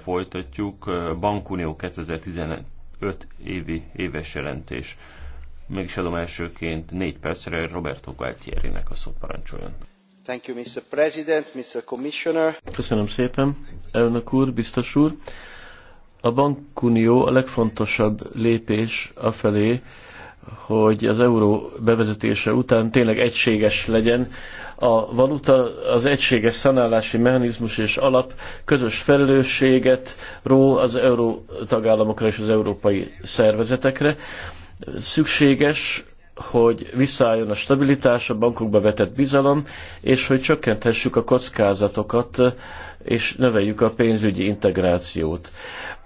Folytatjuk Bankunió 2015 évi éves jelentés. Meg is adom elsőként négy percre Roberto Gualtierinek a szót parancsoljon. Thank you, Mr. President, Mr. Commissioner. Köszönöm szépen, elnök úr, biztos úr. A bankunió a legfontosabb lépés afelé, hogy az euró bevezetése után tényleg egységes legyen. A valuta, az egységes szanálási mechanizmus és alap közös felelősséget ró az euró tagállamokra és az európai szervezetekre. Szükséges, hogy visszaálljon a stabilitás, a bankokba vetett bizalom, és hogy csökkenthessük a kockázatokat, és növeljük a pénzügyi integrációt.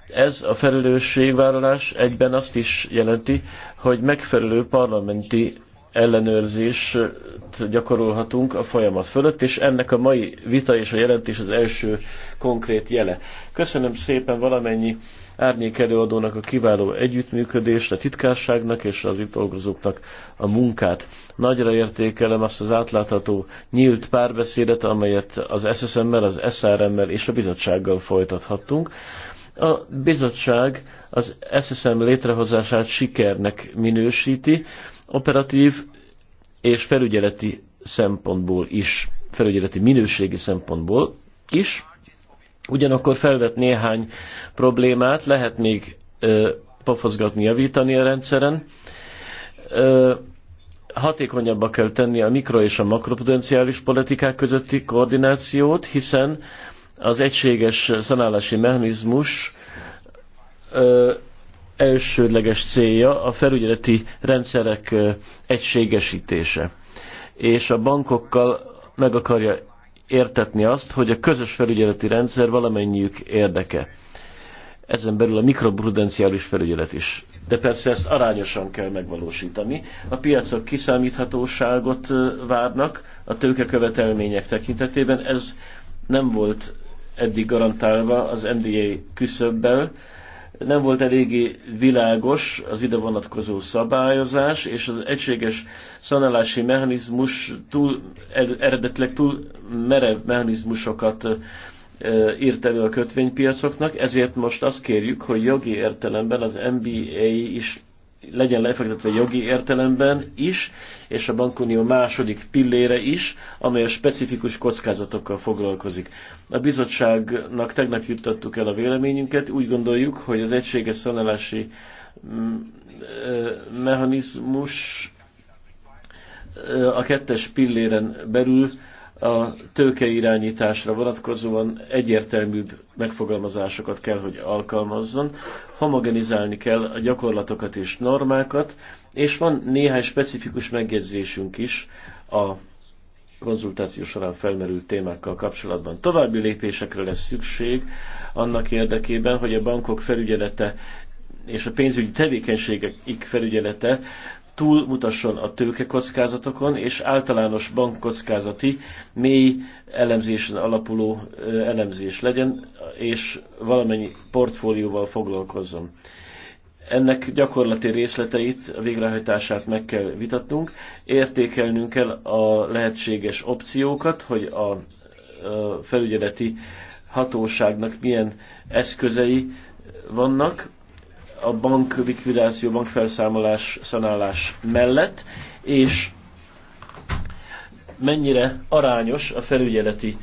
Ez a felelősségvállalás egyben azt is jelenti, hogy megfelelő parlamenti ellenőrzést gyakorolhatunk a folyamat fölött, és ennek a mai vita és a jelentés az első konkrét jele. Köszönöm szépen valamennyi árnyék előadónak a kiváló együttműködést, a titkárságnak és az itt dolgozóknak a munkát. Nagyra értékelem azt az átlátható nyílt párbeszédet, amelyet az SSM-mel, az SRM-mel és a bizottsággal folytathattunk. A bizottság az SSM létrehozását sikernek minősíti, operatív és felügyeleti szempontból is, felügyeleti minőségi szempontból is. Ugyanakkor felvet néhány problémát, lehet még ö, pofozgatni, javítani a rendszeren. Ö, hatékonyabbak kell tenni a mikro- és a makroprudenciális politikák közötti koordinációt, hiszen az egységes szanálási mechanizmus elsődleges célja a felügyeleti rendszerek egységesítése. És a bankokkal meg akarja értetni azt, hogy a közös felügyeleti rendszer valamennyiük érdeke. Ezen belül a mikroprudenciális felügyelet is. De persze ezt arányosan kell megvalósítani. A piacok kiszámíthatóságot várnak a tőkekövetelmények tekintetében. Ez nem volt eddig garantálva az NDA küszöbbel. Nem volt eléggé világos az ide vonatkozó szabályozás, és az egységes szanálási mechanizmus túl, eredetileg túl merev mechanizmusokat írt elő a kötvénypiacoknak, ezért most azt kérjük, hogy jogi értelemben az MBA is legyen lefektetve jogi értelemben is, és a bankunió második pillére is, amely a specifikus kockázatokkal foglalkozik. A bizottságnak tegnap juttattuk el a véleményünket, úgy gondoljuk, hogy az egységes szanálási mm, mechanizmus a kettes pilléren belül a tőkeirányításra vonatkozóan egyértelműbb megfogalmazásokat kell, hogy alkalmazzon, homogenizálni kell a gyakorlatokat és normákat, és van néhány specifikus megjegyzésünk is a konzultáció során felmerült témákkal kapcsolatban. További lépésekre lesz szükség annak érdekében, hogy a bankok felügyelete és a pénzügyi tevékenységek felügyelete túlmutasson a tőkekockázatokon, és általános bankkockázati, mély elemzésen alapuló elemzés legyen, és valamennyi portfólióval foglalkozzon. Ennek gyakorlati részleteit, a végrehajtását meg kell vitatnunk, értékelnünk kell a lehetséges opciókat, hogy a felügyeleti hatóságnak milyen eszközei vannak, a bank likvidáció, bankfelszámolás, szanálás mellett, és mennyire arányos a felügyeleti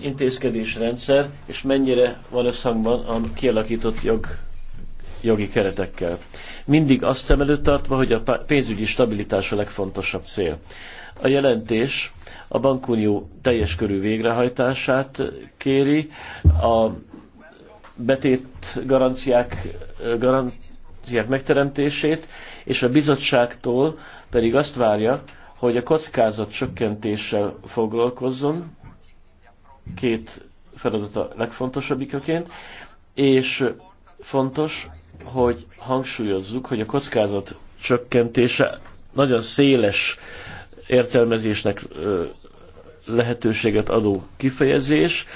intézkedésrendszer, és mennyire van összhangban a kialakított jog, jogi keretekkel. Mindig azt szem előtt tartva, hogy a pénzügyi stabilitás a legfontosabb cél. A jelentés a bankunió teljes körű végrehajtását kéri, a betét garanciák, garanciák megteremtését, és a bizottságtól pedig azt várja, hogy a kockázat csökkentéssel foglalkozzon, két feladat a legfontosabbikaként, és fontos, hogy hangsúlyozzuk, hogy a kockázat csökkentése nagyon széles értelmezésnek lehetőséget adó kifejezés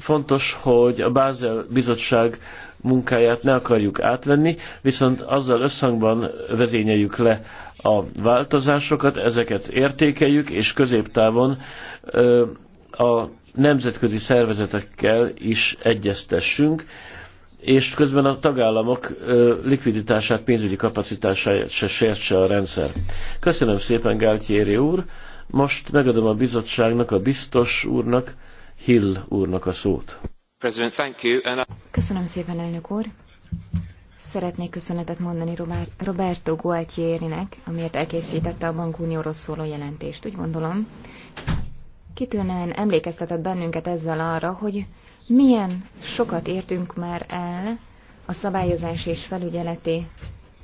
fontos, hogy a Bázel bizottság munkáját ne akarjuk átvenni, viszont azzal összhangban vezényeljük le a változásokat, ezeket értékeljük, és középtávon a nemzetközi szervezetekkel is egyeztessünk, és közben a tagállamok likviditását, pénzügyi kapacitását se sértse a rendszer. Köszönöm szépen, Gáltyéri úr! Most megadom a bizottságnak, a biztos úrnak, Hill úrnak a szót. Köszönöm szépen, elnök úr. Szeretnék köszönetet mondani Roberto Gualtierinek, amiért elkészítette a bankunióról szóló jelentést. Úgy gondolom, kitűnően emlékeztetett bennünket ezzel arra, hogy milyen sokat értünk már el a szabályozás és felügyeleti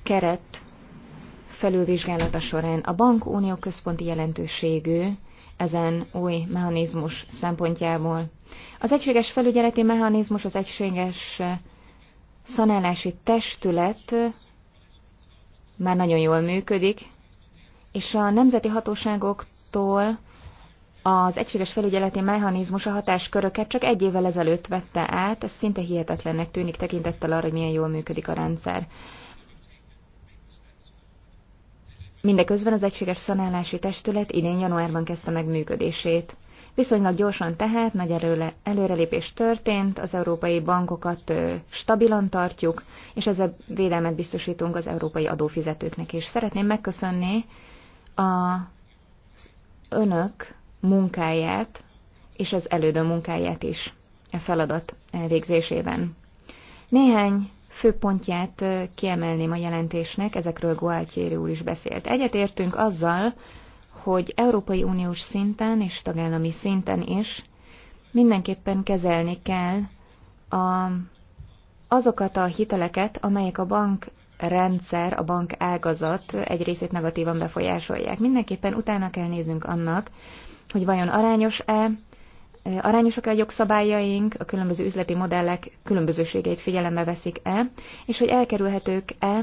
keret felülvizsgálata során a bankunió központi jelentőségű ezen új mechanizmus szempontjából. Az egységes felügyeleti mechanizmus, az egységes szanálási testület már nagyon jól működik, és a nemzeti hatóságoktól az egységes felügyeleti mechanizmus a hatásköröket csak egy évvel ezelőtt vette át, ez szinte hihetetlennek tűnik tekintettel arra, hogy milyen jól működik a rendszer. Mindeközben az Egységes Szanálási Testület idén januárban kezdte meg működését. Viszonylag gyorsan tehát nagy erőle, előrelépés történt, az európai bankokat ö, stabilan tartjuk, és ezzel védelmet biztosítunk az európai adófizetőknek is. Szeretném megköszönni az önök munkáját és az elődő munkáját is a e feladat végzésében. Néhány főpontját kiemelném a jelentésnek, ezekről Gualtieri úr is beszélt. Egyetértünk azzal, hogy Európai Uniós szinten és tagállami szinten is mindenképpen kezelni kell a, azokat a hiteleket, amelyek a bank rendszer, a bank ágazat egy részét negatívan befolyásolják. Mindenképpen utána kell néznünk annak, hogy vajon arányos-e arányosak-e a jogszabályaink, a különböző üzleti modellek különbözőségeit figyelembe veszik-e, és hogy elkerülhetők-e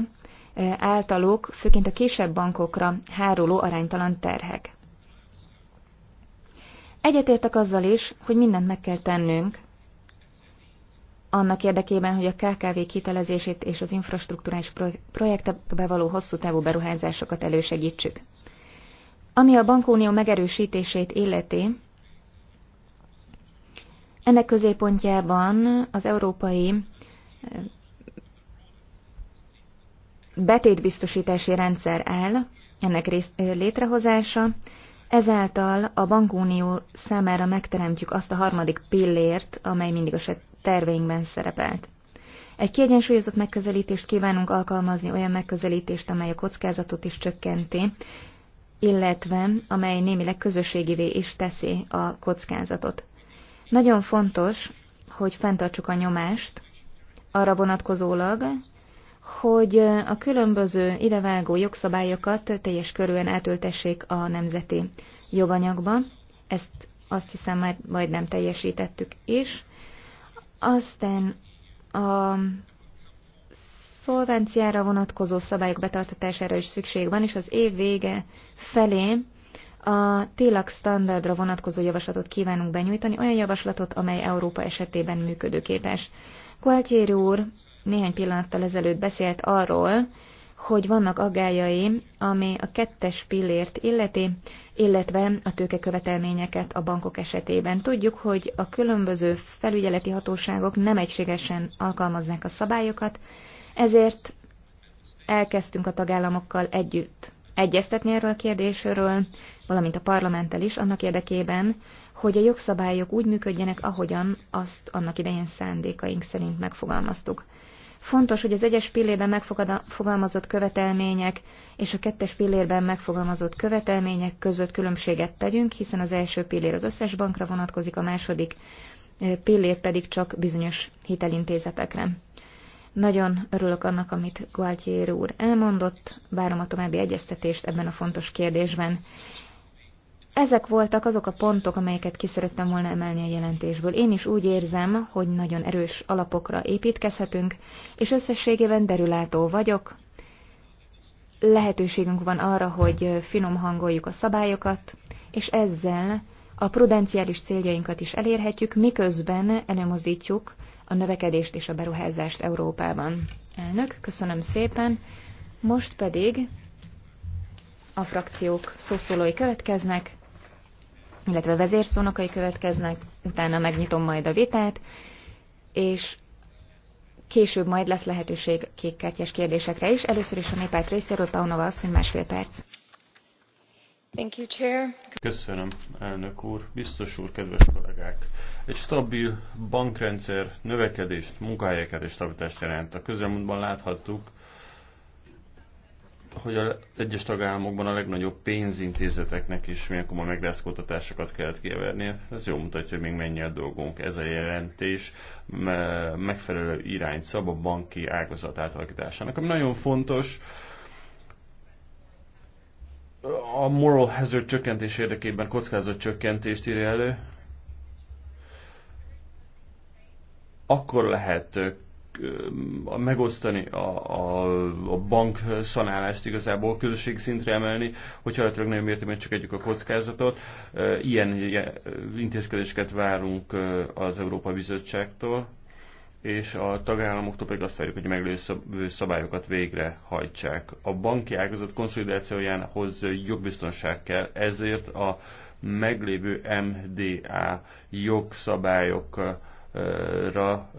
e, általuk, főként a kisebb bankokra háruló aránytalan terhek. Egyetértek azzal is, hogy mindent meg kell tennünk, annak érdekében, hogy a KKV kitelezését és az infrastruktúrás projektekbe való hosszú távú beruházásokat elősegítsük. Ami a bankunió megerősítését illeti, ennek középpontjában az európai eh, betétbiztosítási rendszer áll, ennek rész, eh, létrehozása, ezáltal a bankunió számára megteremtjük azt a harmadik pillért, amely mindig a terveinkben szerepelt. Egy kiegyensúlyozott megközelítést kívánunk alkalmazni, olyan megközelítést, amely a kockázatot is csökkenti, illetve amely némileg közösségivé is teszi a kockázatot. Nagyon fontos, hogy fenntartsuk a nyomást arra vonatkozólag, hogy a különböző idevágó jogszabályokat teljes körűen átültessék a nemzeti joganyagba. Ezt azt hiszem már majdnem teljesítettük is. Aztán a szolvenciára vonatkozó szabályok betartatására is szükség van, és az év vége felé a TILAK standardra vonatkozó javaslatot kívánunk benyújtani, olyan javaslatot, amely Európa esetében működőképes. Gualtieri úr néhány pillanattal ezelőtt beszélt arról, hogy vannak aggályai, ami a kettes pillért illeti, illetve a tőkekövetelményeket a bankok esetében. Tudjuk, hogy a különböző felügyeleti hatóságok nem egységesen alkalmazzák a szabályokat, ezért elkezdtünk a tagállamokkal együtt egyeztetni erről a kérdésről, valamint a parlamenttel is, annak érdekében, hogy a jogszabályok úgy működjenek, ahogyan azt annak idején szándékaink szerint megfogalmaztuk. Fontos, hogy az egyes pillérben megfogalmazott követelmények és a kettes pillérben megfogalmazott követelmények között különbséget tegyünk, hiszen az első pillér az összes bankra vonatkozik, a második pillér pedig csak bizonyos hitelintézetekre. Nagyon örülök annak, amit Gualtier úr elmondott, várom a további egyeztetést ebben a fontos kérdésben. Ezek voltak azok a pontok, amelyeket ki szerettem volna emelni a jelentésből. Én is úgy érzem, hogy nagyon erős alapokra építkezhetünk, és összességében derülátó vagyok. Lehetőségünk van arra, hogy finom hangoljuk a szabályokat, és ezzel a prudenciális céljainkat is elérhetjük, miközben előmozdítjuk a növekedést és a beruházást Európában. Elnök, köszönöm szépen. Most pedig a frakciók szószólói következnek illetve vezérszónokai következnek, utána megnyitom majd a vitát, és később majd lesz lehetőség kékkártyás kérdésekre is. Először is a népárt részéről Paunova hogy másfél perc. Thank you, Chair. Köszönöm, elnök úr, biztos úr, kedves kollégák! Egy stabil bankrendszer növekedést, munkahelyeket és stabilitást jelent. A közelmúltban láthattuk, hogy az egyes tagállamokban a legnagyobb pénzintézeteknek is milyen komoly megrázkódtatásokat kellett kiverni. Ez jól mutatja, hogy még mennyi a dolgunk. Ez a jelentés megfelelő irányt szab a banki ágazat átalakításának, ami nagyon fontos. A moral hazard csökkentés érdekében kockázat csökkentést írja elő. Akkor lehet megosztani a, a, a bank szanálást igazából közösségi szintre emelni, hogy hajlatilag nem értem, hogy csak egyik a kockázatot. Ilyen, ilyen intézkedéseket várunk az Európa Bizottságtól, és a tagállamoktól pedig azt várjuk, hogy meglő szabályokat végre hajtsák. A banki ágazat konszolidációjához jogbiztonság kell, ezért a meglévő MDA jogszabályok ra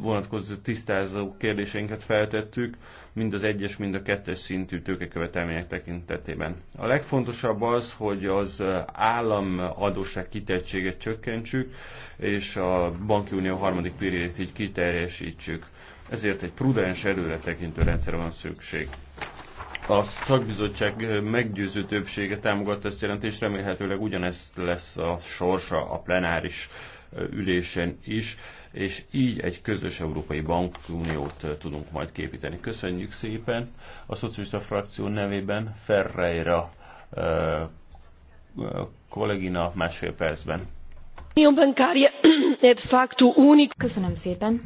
vonatkozó tisztázó kérdéseinket feltettük, mind az egyes, mind a kettes szintű tőkekövetelmények tekintetében. A legfontosabb az, hogy az állam adósság kitettséget csökkentsük, és a banki unió harmadik pirét így kiterjesítsük. Ezért egy prudens erőre tekintő rendszer van szükség. A szakbizottság meggyőző többsége támogatta ezt jelentést, remélhetőleg ugyanezt lesz a sorsa a plenáris ülésen is, és így egy közös Európai Bankuniót tudunk majd képíteni. Köszönjük szépen a szocialista frakció nevében Ferreira kollégina másfél percben. Köszönöm szépen.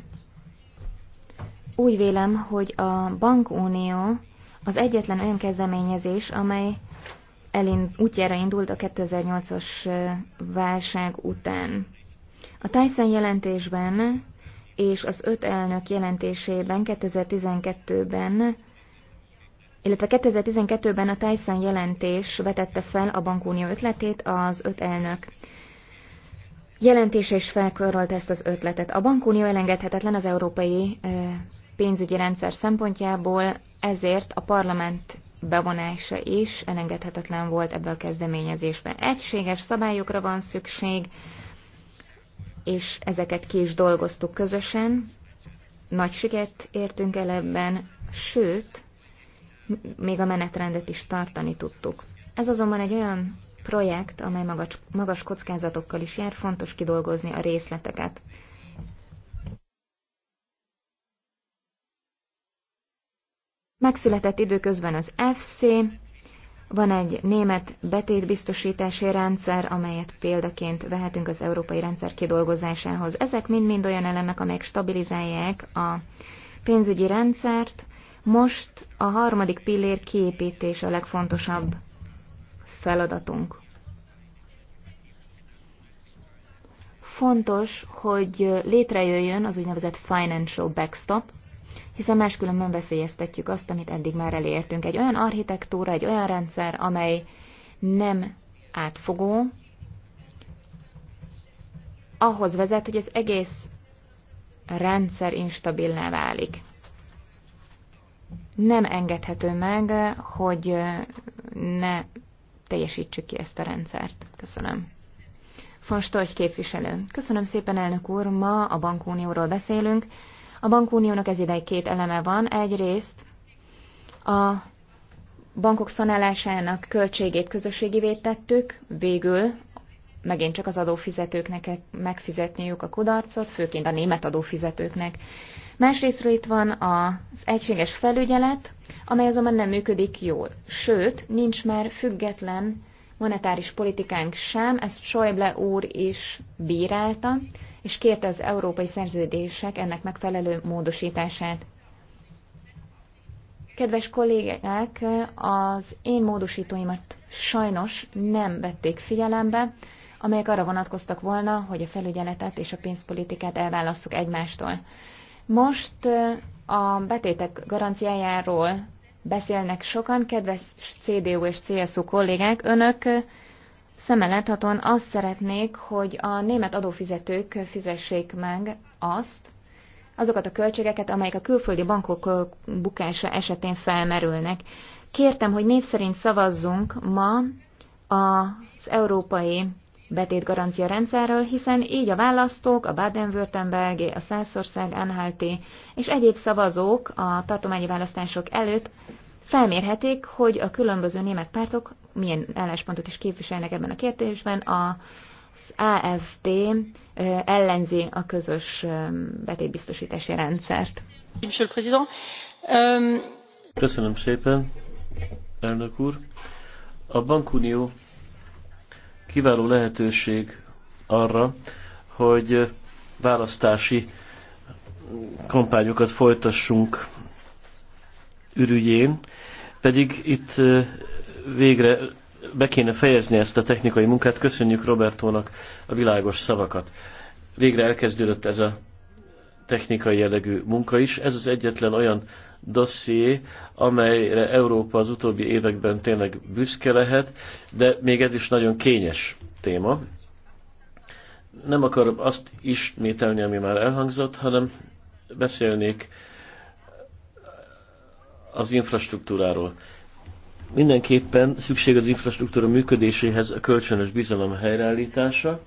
Úgy vélem, hogy a bankunió az egyetlen olyan kezdeményezés, amely elind, útjára indult a 2008-as válság után. A Tyson jelentésben és az öt elnök jelentésében 2012-ben, illetve 2012-ben a Tyson jelentés vetette fel a bankunió ötletét az öt elnök jelentése is felkörölt ezt az ötletet. A bankunió elengedhetetlen az európai pénzügyi rendszer szempontjából, ezért a parlament bevonása is elengedhetetlen volt ebbe a kezdeményezésbe. Egységes szabályokra van szükség, és ezeket ki is dolgoztuk közösen. Nagy sikert értünk el ebben, sőt, még a menetrendet is tartani tudtuk. Ez azonban egy olyan projekt, amely magas, magas kockázatokkal is jár, fontos kidolgozni a részleteket. Megszületett időközben az FC, van egy német betétbiztosítási rendszer, amelyet példaként vehetünk az európai rendszer kidolgozásához. Ezek mind-mind olyan elemek, amelyek stabilizálják a pénzügyi rendszert. Most a harmadik pillér kiépítés a legfontosabb feladatunk. Fontos, hogy létrejöjjön az úgynevezett financial backstop, hiszen máskülönben veszélyeztetjük azt, amit eddig már elértünk. Egy olyan architektúra, egy olyan rendszer, amely nem átfogó, ahhoz vezet, hogy az egész rendszer instabilná válik. Nem engedhető meg, hogy ne teljesítsük ki ezt a rendszert. Köszönöm. Von Storch képviselő. Köszönöm szépen, elnök úr, ma a bankunióról beszélünk. A bankuniónak ez ideig két eleme van. Egyrészt a bankok szanálásának költségét közösségivé tettük, végül megint csak az adófizetőknek megfizetniük a kudarcot, főként a német adófizetőknek. Másrésztről itt van az egységes felügyelet, amely azonban nem működik jól. Sőt, nincs már független monetáris politikánk sem, ezt Schäuble úr is bírálta, és kérte az európai szerződések ennek megfelelő módosítását. Kedves kollégák, az én módosítóimat sajnos nem vették figyelembe, amelyek arra vonatkoztak volna, hogy a felügyeletet és a pénzpolitikát elválasszuk egymástól. Most a betétek garanciájáról beszélnek sokan. Kedves CDU és CSU kollégák, önök szemeláthatóan azt szeretnék, hogy a német adófizetők fizessék meg azt, azokat a költségeket, amelyek a külföldi bankok bukása esetén felmerülnek. Kértem, hogy név szerint szavazzunk ma az európai betétgarancia rendszerről, hiszen így a választók, a baden württemberg a Szászország, Anhalti és egyéb szavazók a tartományi választások előtt felmérhetik, hogy a különböző német pártok milyen álláspontot is képviselnek ebben a kérdésben. Az AFD ellenzi a közös betétbiztosítási rendszert. Köszönöm szépen, elnök úr. A bankunió kiváló lehetőség arra, hogy választási kampányokat folytassunk ürügyén, pedig itt végre be kéne fejezni ezt a technikai munkát. Köszönjük Robertónak a világos szavakat. Végre elkezdődött ez a technikai jellegű munka is. Ez az egyetlen olyan dosszié, amelyre Európa az utóbbi években tényleg büszke lehet, de még ez is nagyon kényes téma. Nem akarom azt ismételni, ami már elhangzott, hanem beszélnék az infrastruktúráról. Mindenképpen szükség az infrastruktúra működéséhez a kölcsönös bizalom helyreállítása.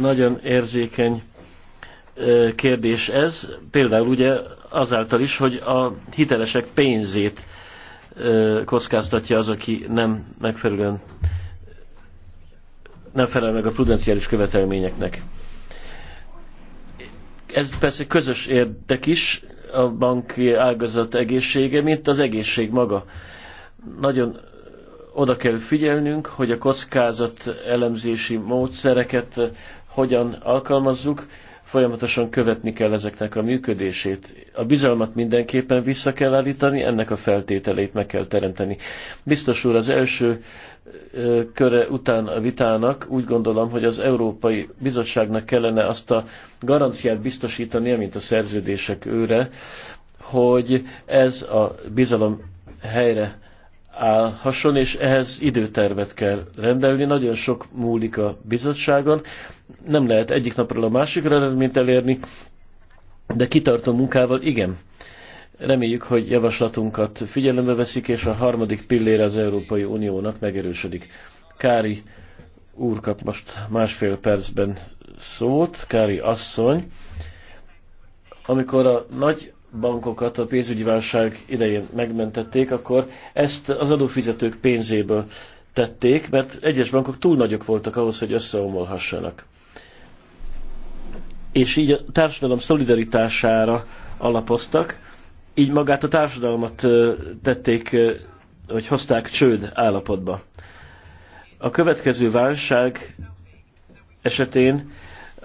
Nagyon érzékeny kérdés ez, például ugye azáltal is, hogy a hitelesek pénzét kockáztatja az, aki nem megfelelően nem felel meg a prudenciális követelményeknek. Ez persze közös érdek is, a banki ágazat egészsége, mint az egészség maga. Nagyon oda kell figyelnünk, hogy a kockázat elemzési módszereket hogyan alkalmazzuk, folyamatosan követni kell ezeknek a működését. A bizalmat mindenképpen vissza kell állítani, ennek a feltételeit meg kell teremteni. Biztos úr, az első köre után a vitának úgy gondolom, hogy az Európai Bizottságnak kellene azt a garanciát biztosítani, amint a szerződések őre, hogy ez a bizalom helyre állhasson, és ehhez időtervet kell rendelni. Nagyon sok múlik a bizottságon, nem lehet egyik napról a másikra eredményt elérni, de kitartó munkával igen. Reméljük, hogy javaslatunkat figyelembe veszik, és a harmadik pillér az Európai Uniónak megerősödik. Kári úr kap most másfél percben szót, Kári asszony. Amikor a nagy bankokat a pénzügyi válság idején megmentették, akkor ezt az adófizetők pénzéből tették, mert egyes bankok túl nagyok voltak ahhoz, hogy összeomolhassanak. És így a társadalom szolidaritására alapoztak, így magát a társadalmat tették, hogy hozták csőd állapotba. A következő válság esetén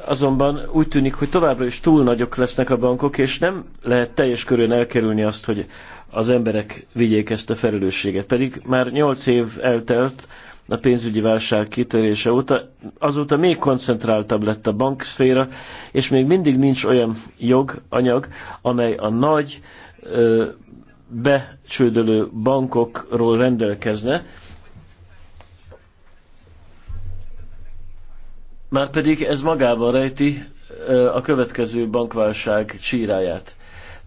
Azonban úgy tűnik, hogy továbbra is túl nagyok lesznek a bankok, és nem lehet teljes körön elkerülni azt, hogy az emberek vigyék ezt a felelősséget. Pedig már 8 év eltelt a pénzügyi válság kitörése óta, azóta még koncentráltabb lett a bankszféra, és még mindig nincs olyan joganyag, amely a nagy ö, becsődölő bankokról rendelkezne, Márpedig ez magában rejti a következő bankválság csíráját.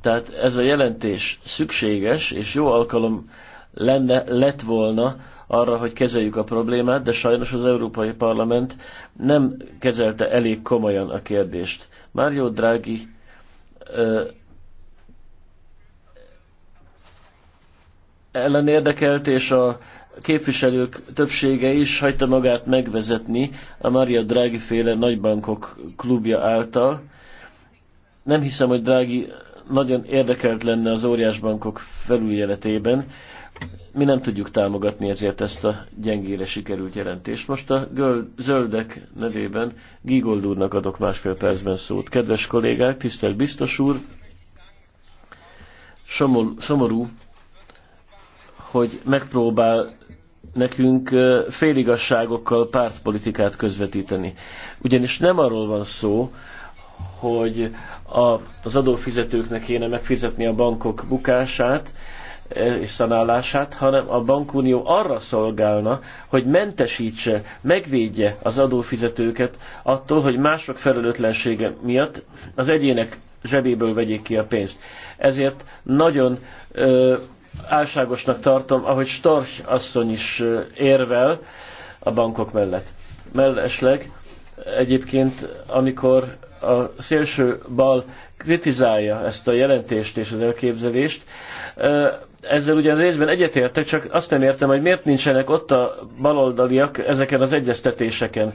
Tehát ez a jelentés szükséges és jó alkalom lenne, lett volna arra, hogy kezeljük a problémát, de sajnos az Európai Parlament nem kezelte elég komolyan a kérdést. Mário Draghi drági ellenérdekelt, és a képviselők többsége is hagyta magát megvezetni a Maria Draghi féle nagybankok klubja által. Nem hiszem, hogy Draghi nagyon érdekelt lenne az óriásbankok felújjeletében. Mi nem tudjuk támogatni ezért ezt a gyengére sikerült jelentést. Most a zöldek nevében Gigold úrnak adok másfél percben szót. Kedves kollégák, tisztelt biztos úr, Somol, szomorú, hogy megpróbál nekünk féligasságokkal pártpolitikát közvetíteni. Ugyanis nem arról van szó, hogy a, az adófizetőknek kéne megfizetni a bankok bukását és szanálását, hanem a bankunió arra szolgálna, hogy mentesítse, megvédje az adófizetőket attól, hogy mások felelőtlensége miatt az egyének zsebéből vegyék ki a pénzt. Ezért nagyon ö, álságosnak tartom, ahogy Storch asszony is érvel a bankok mellett. Mellesleg egyébként, amikor a szélső bal kritizálja ezt a jelentést és az elképzelést, ezzel ugyan részben egyetértek, csak azt nem értem, hogy miért nincsenek ott a baloldaliak ezeken az egyeztetéseken.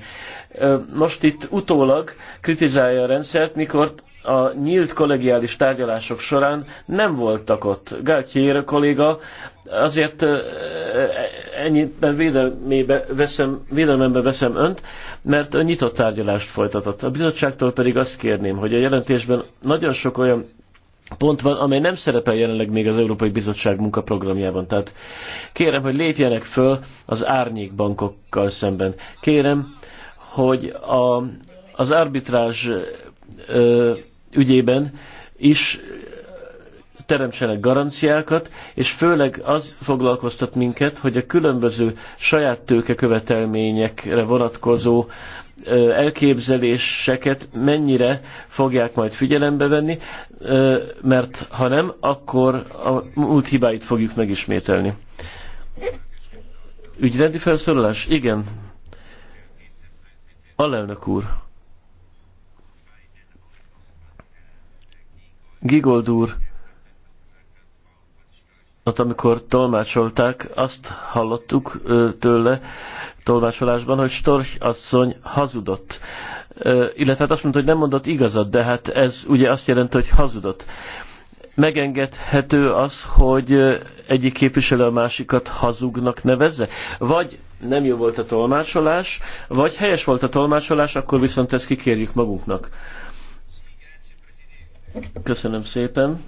Most itt utólag kritizálja a rendszert, mikor a nyílt kollegiális tárgyalások során nem voltak ott. Gáltyér kolléga azért ennyiben védelmébe veszem, védelmembe veszem önt, mert ön nyitott tárgyalást folytatott. A bizottságtól pedig azt kérném, hogy a jelentésben nagyon sok olyan pont van, amely nem szerepel jelenleg még az Európai Bizottság munkaprogramjában. Tehát kérem, hogy lépjenek föl az árnyékbankokkal szemben. Kérem, hogy a, az arbitrázs ö, ügyében is teremtsenek garanciákat, és főleg az foglalkoztat minket, hogy a különböző saját tőke követelményekre vonatkozó elképzeléseket mennyire fogják majd figyelembe venni, mert ha nem, akkor a múlt hibáit fogjuk megismételni. Ügyrendi felszólalás? Igen. Alelnök úr. Gigold úr, ott amikor tolmácsolták, azt hallottuk tőle tolmácsolásban, hogy Storch asszony hazudott. Illetve hát azt mondta, hogy nem mondott igazat, de hát ez ugye azt jelenti, hogy hazudott. Megengedhető az, hogy egyik képviselő a másikat hazugnak nevezze? Vagy nem jó volt a tolmácsolás, vagy helyes volt a tolmácsolás, akkor viszont ezt kikérjük magunknak. Köszönöm szépen.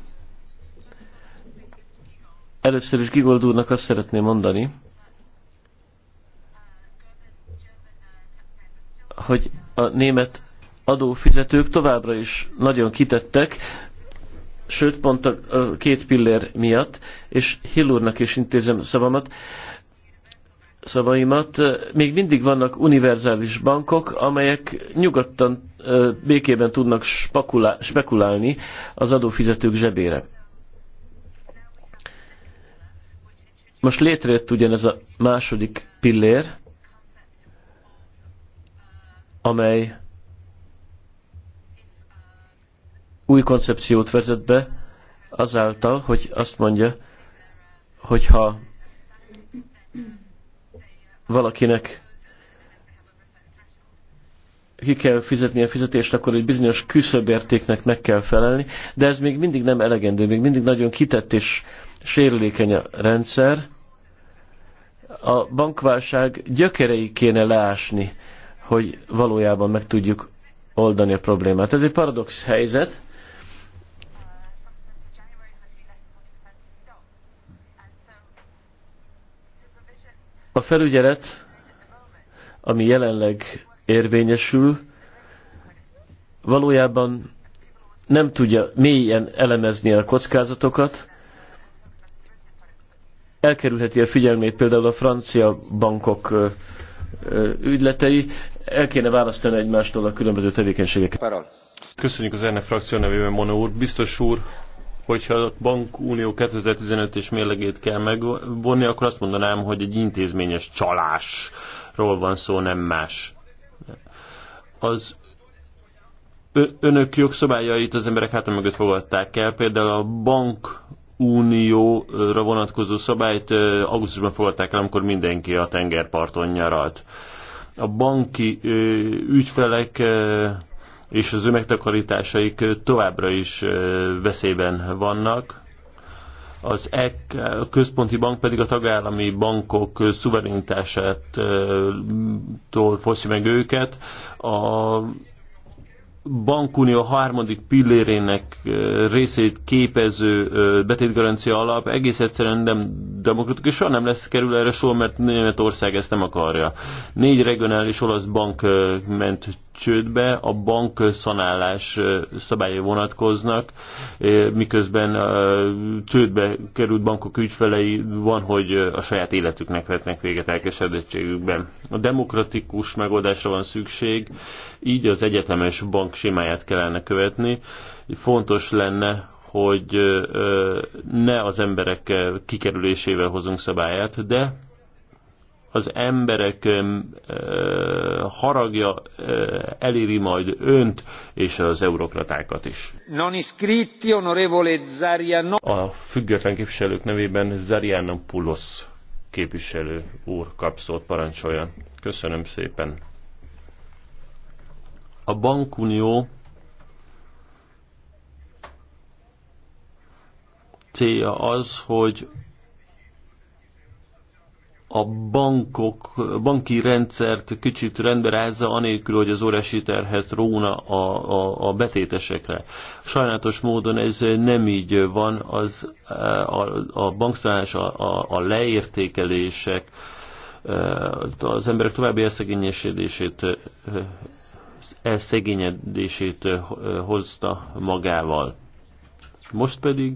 Először is Gigold úrnak azt szeretném mondani, hogy a német adófizetők továbbra is nagyon kitettek, sőt pont a, két pillér miatt, és Hill úrnak is intézem szavamat, szavaimat. Még mindig vannak univerzális bankok, amelyek nyugodtan békében tudnak spekulálni az adófizetők zsebére. Most létrejött ugyanez a második pillér, amely új koncepciót vezet be azáltal, hogy azt mondja, hogyha valakinek ki kell fizetni a fizetést, akkor egy bizonyos küszöbértéknek meg kell felelni, de ez még mindig nem elegendő, még mindig nagyon kitett és sérülékeny a rendszer. A bankválság gyökerei kéne leásni, hogy valójában meg tudjuk oldani a problémát. Ez egy paradox helyzet, A felügyelet, ami jelenleg érvényesül, valójában nem tudja mélyen elemezni a kockázatokat, elkerülheti a figyelmét például a francia bankok ügyletei, el kéne választani egymástól a különböző tevékenységeket. Köszönjük az ennek frakció nevében, Mono úr. Biztos úr, hogyha a bankunió 2015-ös mérlegét kell megvonni, akkor azt mondanám, hogy egy intézményes csalásról van szó, nem más. Az önök jogszabályait az emberek háta mögött fogadták el, például a bank unióra vonatkozó szabályt augusztusban fogadták el, amikor mindenki a tengerparton nyaralt. A banki ügyfelek és az ő megtakarításaik továbbra is veszélyben vannak. Az EK központi bank pedig a tagállami bankok szuverenitásától foszi meg őket. A bankunió harmadik pillérének részét képező betétgarancia alap egész egyszerűen nem demokratikus, soha nem lesz kerül erre sor, mert Németország ezt nem akarja. Négy regionális olasz bank ment csődbe, a bankszanálás szabályai vonatkoznak, miközben csődbe került bankok ügyfelei van, hogy a saját életüknek vetnek véget elkeseredettségükben. A demokratikus megoldásra van szükség, így az egyetemes bank simáját kellene követni. Fontos lenne, hogy ne az emberek kikerülésével hozunk szabályát, de az emberek haragja eléri majd önt és az eurokratákat is. Non iscritti, onorevole Zariano. A független képviselők nevében Pulos képviselő úr kap szót, Köszönöm szépen. A bankunió célja az, hogy a bankok, banki rendszert kicsit rendbe rázza, anélkül, hogy az óriási terhet róna a, a, a betétesekre. Sajnálatos módon ez nem így van, az, a, a bankszállás, a, a, a leértékelések, az emberek további elszegényesedését elszegényedését hozta magával. Most pedig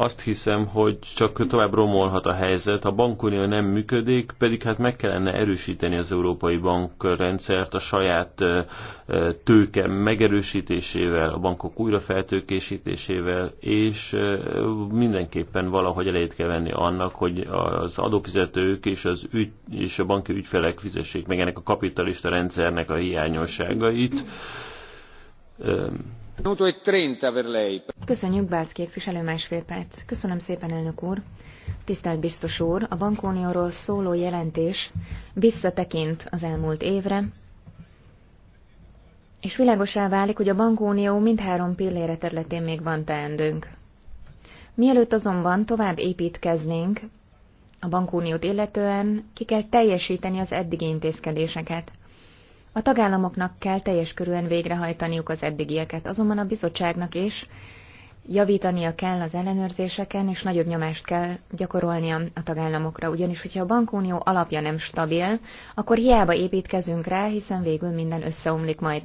Azt hiszem, hogy csak tovább romolhat a helyzet, a bankunió nem működik, pedig hát meg kellene erősíteni az európai bankrendszert a saját tőke megerősítésével, a bankok újrafeltőkésítésével, és mindenképpen valahogy elejét kell venni annak, hogy az adófizetők és, az ügy, és a banki ügyfelek fizessék meg ennek a kapitalista rendszernek a hiányosságait E Köszönjük, Köszönöm szépen, elnök úr. Tisztelt biztos úr, a bankunióról szóló jelentés visszatekint az elmúlt évre, és világosá válik, hogy a bankunió mindhárom pillére területén még van teendőnk. Mielőtt azonban tovább építkeznénk a bankuniót illetően, ki kell teljesíteni az eddigi intézkedéseket. A tagállamoknak kell teljes körűen végrehajtaniuk az eddigieket, azonban a bizottságnak is javítania kell az ellenőrzéseken, és nagyobb nyomást kell gyakorolnia a tagállamokra. Ugyanis, hogyha a bankunió alapja nem stabil, akkor hiába építkezünk rá, hiszen végül minden összeomlik majd.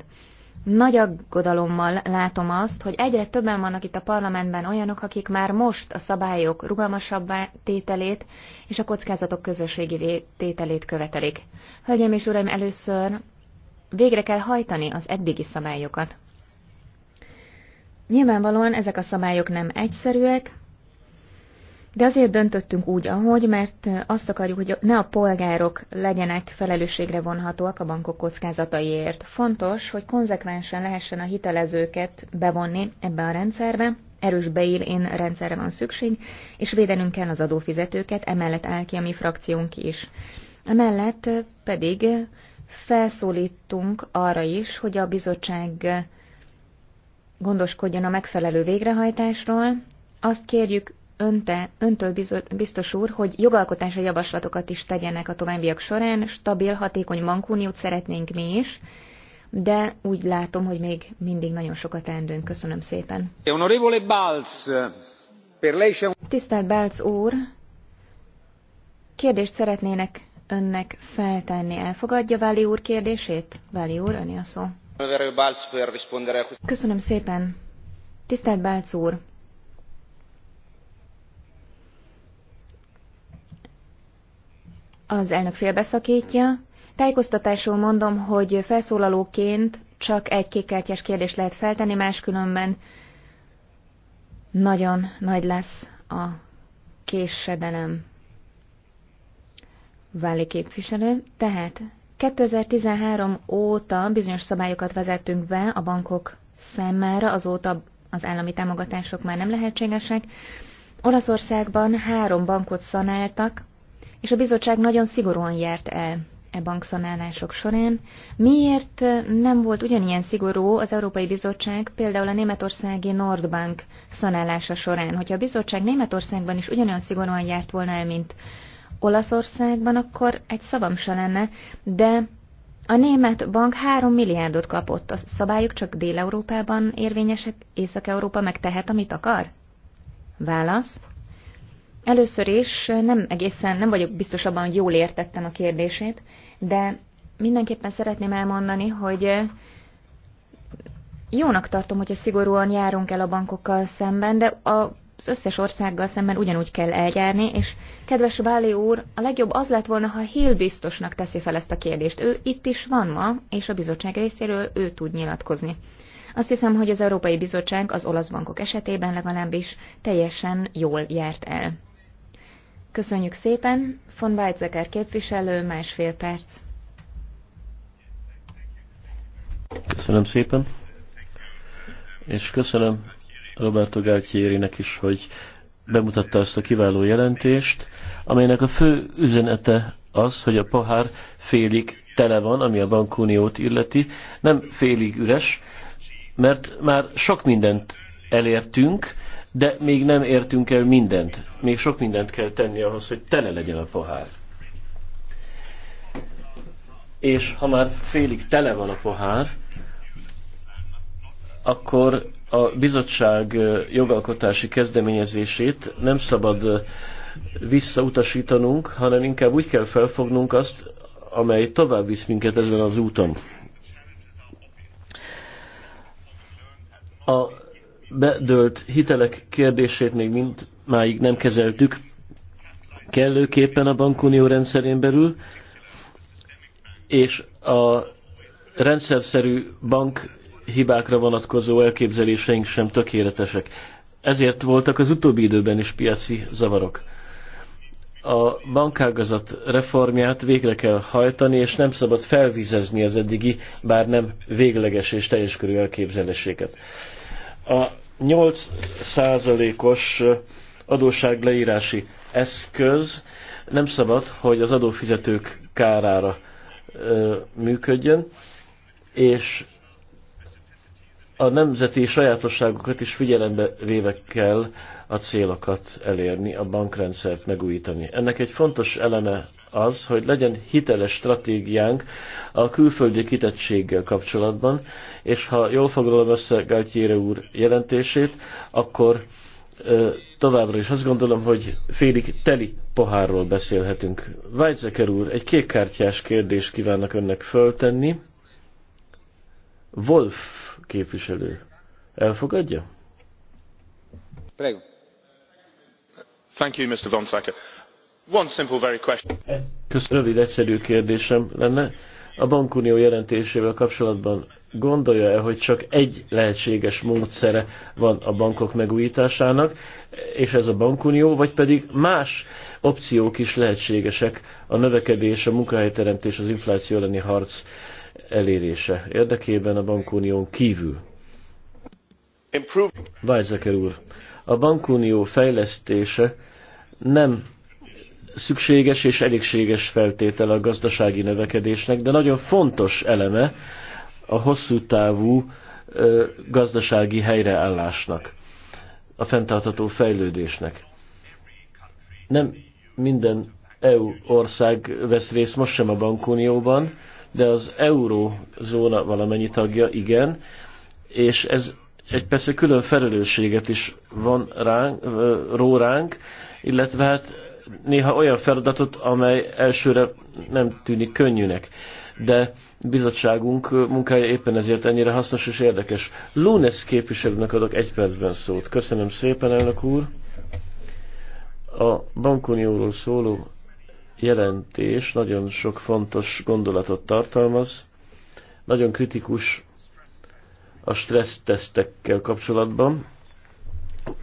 Nagy aggodalommal látom azt, hogy egyre többen vannak itt a parlamentben olyanok, akik már most a szabályok rugalmasabbá tételét és a kockázatok közösségi tételét követelik. Hölgyeim és uraim, először végre kell hajtani az eddigi szabályokat. Nyilvánvalóan ezek a szabályok nem egyszerűek, de azért döntöttünk úgy, ahogy, mert azt akarjuk, hogy ne a polgárok legyenek felelősségre vonhatóak a bankok kockázataiért. Fontos, hogy konzekvensen lehessen a hitelezőket bevonni ebbe a rendszerbe, erős bail-in rendszerre van szükség, és védenünk kell az adófizetőket, emellett áll ki a mi frakciónk is. Emellett pedig felszólítunk arra is, hogy a bizottság gondoskodjon a megfelelő végrehajtásról. Azt kérjük önte, öntől biztos úr, hogy jogalkotási javaslatokat is tegyenek a továbbiak során. Stabil, hatékony bankuniót szeretnénk mi is, de úgy látom, hogy még mindig nagyon sokat teendőnk. Köszönöm szépen. Balz, Tisztelt Balz úr, kérdést szeretnének önnek feltenni. Elfogadja Váli úr kérdését? Váli úr, ön a szó. Köszönöm szépen. Tisztelt Bálc úr! Az elnök félbeszakítja. Tájékoztatásul mondom, hogy felszólalóként csak egy kékkártyás kérdést lehet feltenni, máskülönben nagyon nagy lesz a késedelem. Váli képviselő. Tehát 2013 óta bizonyos szabályokat vezettünk be a bankok számára, azóta az állami támogatások már nem lehetségesek. Olaszországban három bankot szanáltak, és a bizottság nagyon szigorúan járt el e bankszanálások során. Miért nem volt ugyanilyen szigorú az Európai Bizottság például a németországi Nordbank szanálása során? Hogyha a bizottság Németországban is ugyanolyan szigorúan járt volna el, mint Olaszországban, akkor egy szavam se lenne, de a német bank 3 milliárdot kapott. A szabályok csak Dél-Európában érvényesek, Észak-Európa meg tehet, amit akar? Válasz. Először is nem egészen, nem vagyok biztos abban, hogy jól értettem a kérdését, de mindenképpen szeretném elmondani, hogy jónak tartom, hogyha szigorúan járunk el a bankokkal szemben, de a az összes országgal szemben ugyanúgy kell eljárni, és kedves Báli úr, a legjobb az lett volna, ha Hill biztosnak teszi fel ezt a kérdést. Ő itt is van ma, és a bizottság részéről ő tud nyilatkozni. Azt hiszem, hogy az Európai Bizottság az olasz bankok esetében legalábbis teljesen jól járt el. Köszönjük szépen, von Weizsäcker képviselő, másfél perc. Köszönöm szépen, és köszönöm Roberto Galtierinek is, hogy bemutatta azt a kiváló jelentést, amelynek a fő üzenete az, hogy a pohár félig tele van, ami a bankuniót illeti, nem félig üres, mert már sok mindent elértünk, de még nem értünk el mindent. Még sok mindent kell tenni ahhoz, hogy tele legyen a pohár. És ha már félig tele van a pohár, akkor a bizottság jogalkotási kezdeményezését nem szabad visszautasítanunk, hanem inkább úgy kell felfognunk azt, amely tovább visz minket ezen az úton. A bedölt hitelek kérdését még mind máig nem kezeltük kellőképpen a bankunió rendszerén belül, és a rendszerszerű bank hibákra vonatkozó elképzeléseink sem tökéletesek. Ezért voltak az utóbbi időben is piaci zavarok. A bankágazat reformját végre kell hajtani, és nem szabad felvizezni az eddigi, bár nem végleges és teljes körű elképzeléséket. A 8%-os adósság leírási eszköz nem szabad, hogy az adófizetők kárára működjön, és a nemzeti sajátosságokat is figyelembe véve kell a célokat elérni, a bankrendszert megújítani. Ennek egy fontos eleme az, hogy legyen hiteles stratégiánk a külföldi kitettséggel kapcsolatban, és ha jól foglalom össze Galtiere úr jelentését, akkor ö, továbbra is azt gondolom, hogy félig teli pohárról beszélhetünk. Weizsäcker úr, egy kékkártyás kérdést kívánnak önnek föltenni. Wolf képviselő elfogadja? Prego. Thank you, Mr. Von Sacker. One simple, very question. Köszönöm. Rövid, egyszerű kérdésem lenne. A bankunió jelentésével kapcsolatban gondolja-e, hogy csak egy lehetséges módszere van a bankok megújításának, és ez a bankunió, vagy pedig más opciók is lehetségesek a növekedés, a munkahelyteremtés, az infláció elleni harc elérése érdekében a bankunión kívül. Weizsäcker úr, a bankunió fejlesztése nem szükséges és elégséges feltétel a gazdasági növekedésnek, de nagyon fontos eleme a hosszú távú ö, gazdasági helyreállásnak, a fenntartható fejlődésnek. Nem minden EU ország vesz részt most sem a bankunióban, de az eurózóna valamennyi tagja igen, és ez egy persze külön felelősséget is van ránk, ró ránk, illetve hát néha olyan feladatot, amely elsőre nem tűnik könnyűnek. De bizottságunk munkája éppen ezért ennyire hasznos és érdekes. Lunes képviselőnek adok egy percben szót. Köszönöm szépen, elnök úr! A bankunióról szóló jelentés nagyon sok fontos gondolatot tartalmaz, nagyon kritikus a stressztesztekkel kapcsolatban.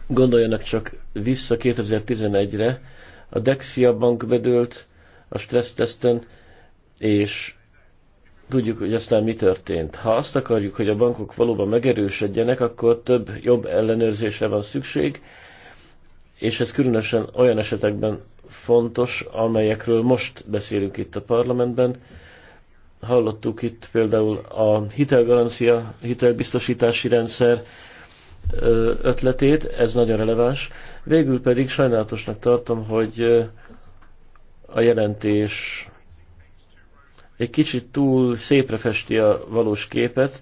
Gondoljanak csak vissza 2011-re, a Dexia bank bedőlt a stressztesten, és tudjuk, hogy aztán mi történt. Ha azt akarjuk, hogy a bankok valóban megerősödjenek, akkor több jobb ellenőrzésre van szükség, és ez különösen olyan esetekben fontos, amelyekről most beszélünk itt a parlamentben. Hallottuk itt például a hitelgarancia, hitelbiztosítási rendszer ötletét, ez nagyon releváns. Végül pedig sajnálatosnak tartom, hogy a jelentés egy kicsit túl szépre festi a valós képet.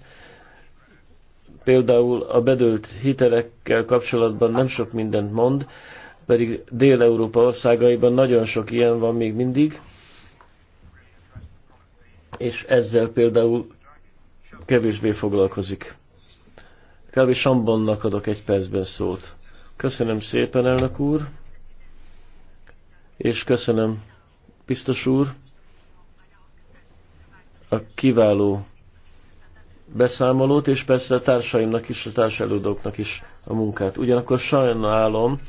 Például a bedőlt hitelekkel kapcsolatban nem sok mindent mond, pedig Dél-Európa országaiban nagyon sok ilyen van még mindig, és ezzel például kevésbé foglalkozik. Kb. Sambonnak adok egy percben szót. Köszönöm szépen, elnök úr, és köszönöm, biztos úr, a kiváló beszámolót, és persze a társaimnak is, a társelődőknek is a munkát. Ugyanakkor sajnálom,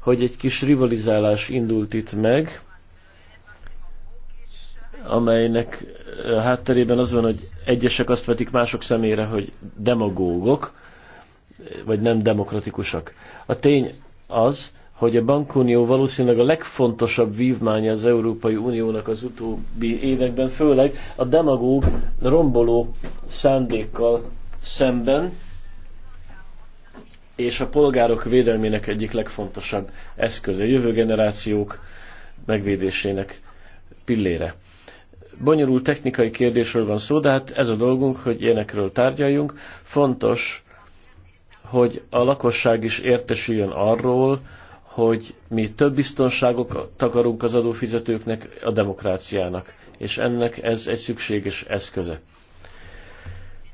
hogy egy kis rivalizálás indult itt meg, amelynek hátterében az van, hogy egyesek azt vetik mások szemére, hogy demagógok, vagy nem demokratikusak. A tény az, hogy a bankunió valószínűleg a legfontosabb vívmánya az Európai Uniónak az utóbbi években, főleg a demagóg romboló szándékkal szemben, és a polgárok védelmének egyik legfontosabb eszköze, jövő generációk megvédésének pillére. Bonyolult technikai kérdésről van szó, de hát ez a dolgunk, hogy ilyenekről tárgyaljunk. Fontos, hogy a lakosság is értesüljön arról, hogy mi több biztonságot takarunk az adófizetőknek, a demokráciának, és ennek ez egy szükséges eszköze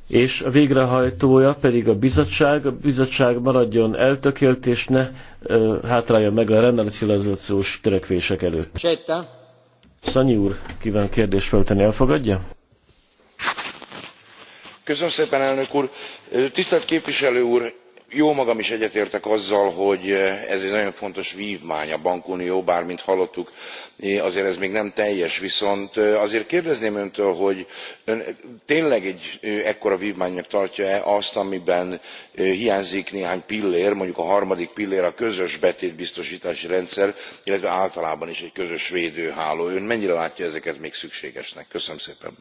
és a végrehajtója pedig a bizottság, a bizottság maradjon eltökélt, és ne ö, hátrálja meg a renalizációs törekvések előtt. Csetta. Szanyi úr, kíván kérdést feltenni, elfogadja? Köszönöm szépen, elnök úr. Tisztelt képviselő úr, jómagam is egyetértek azzal hogy ez egy nagyon fontos vvmány a bankunió bár mint hallottuk azért ez még nem teljes viszont azért kérdezném öntől hogy ön tényleg egy ekkora vvmánynak tartja e azt amiben hiányzik néhány pillér mondjuk a harmadik pillér a közös betétbiztostási rendszer illetve általában is egy közös védőháló. ön mennyire látja ezeket még szükségesnek? köszönöm szépen!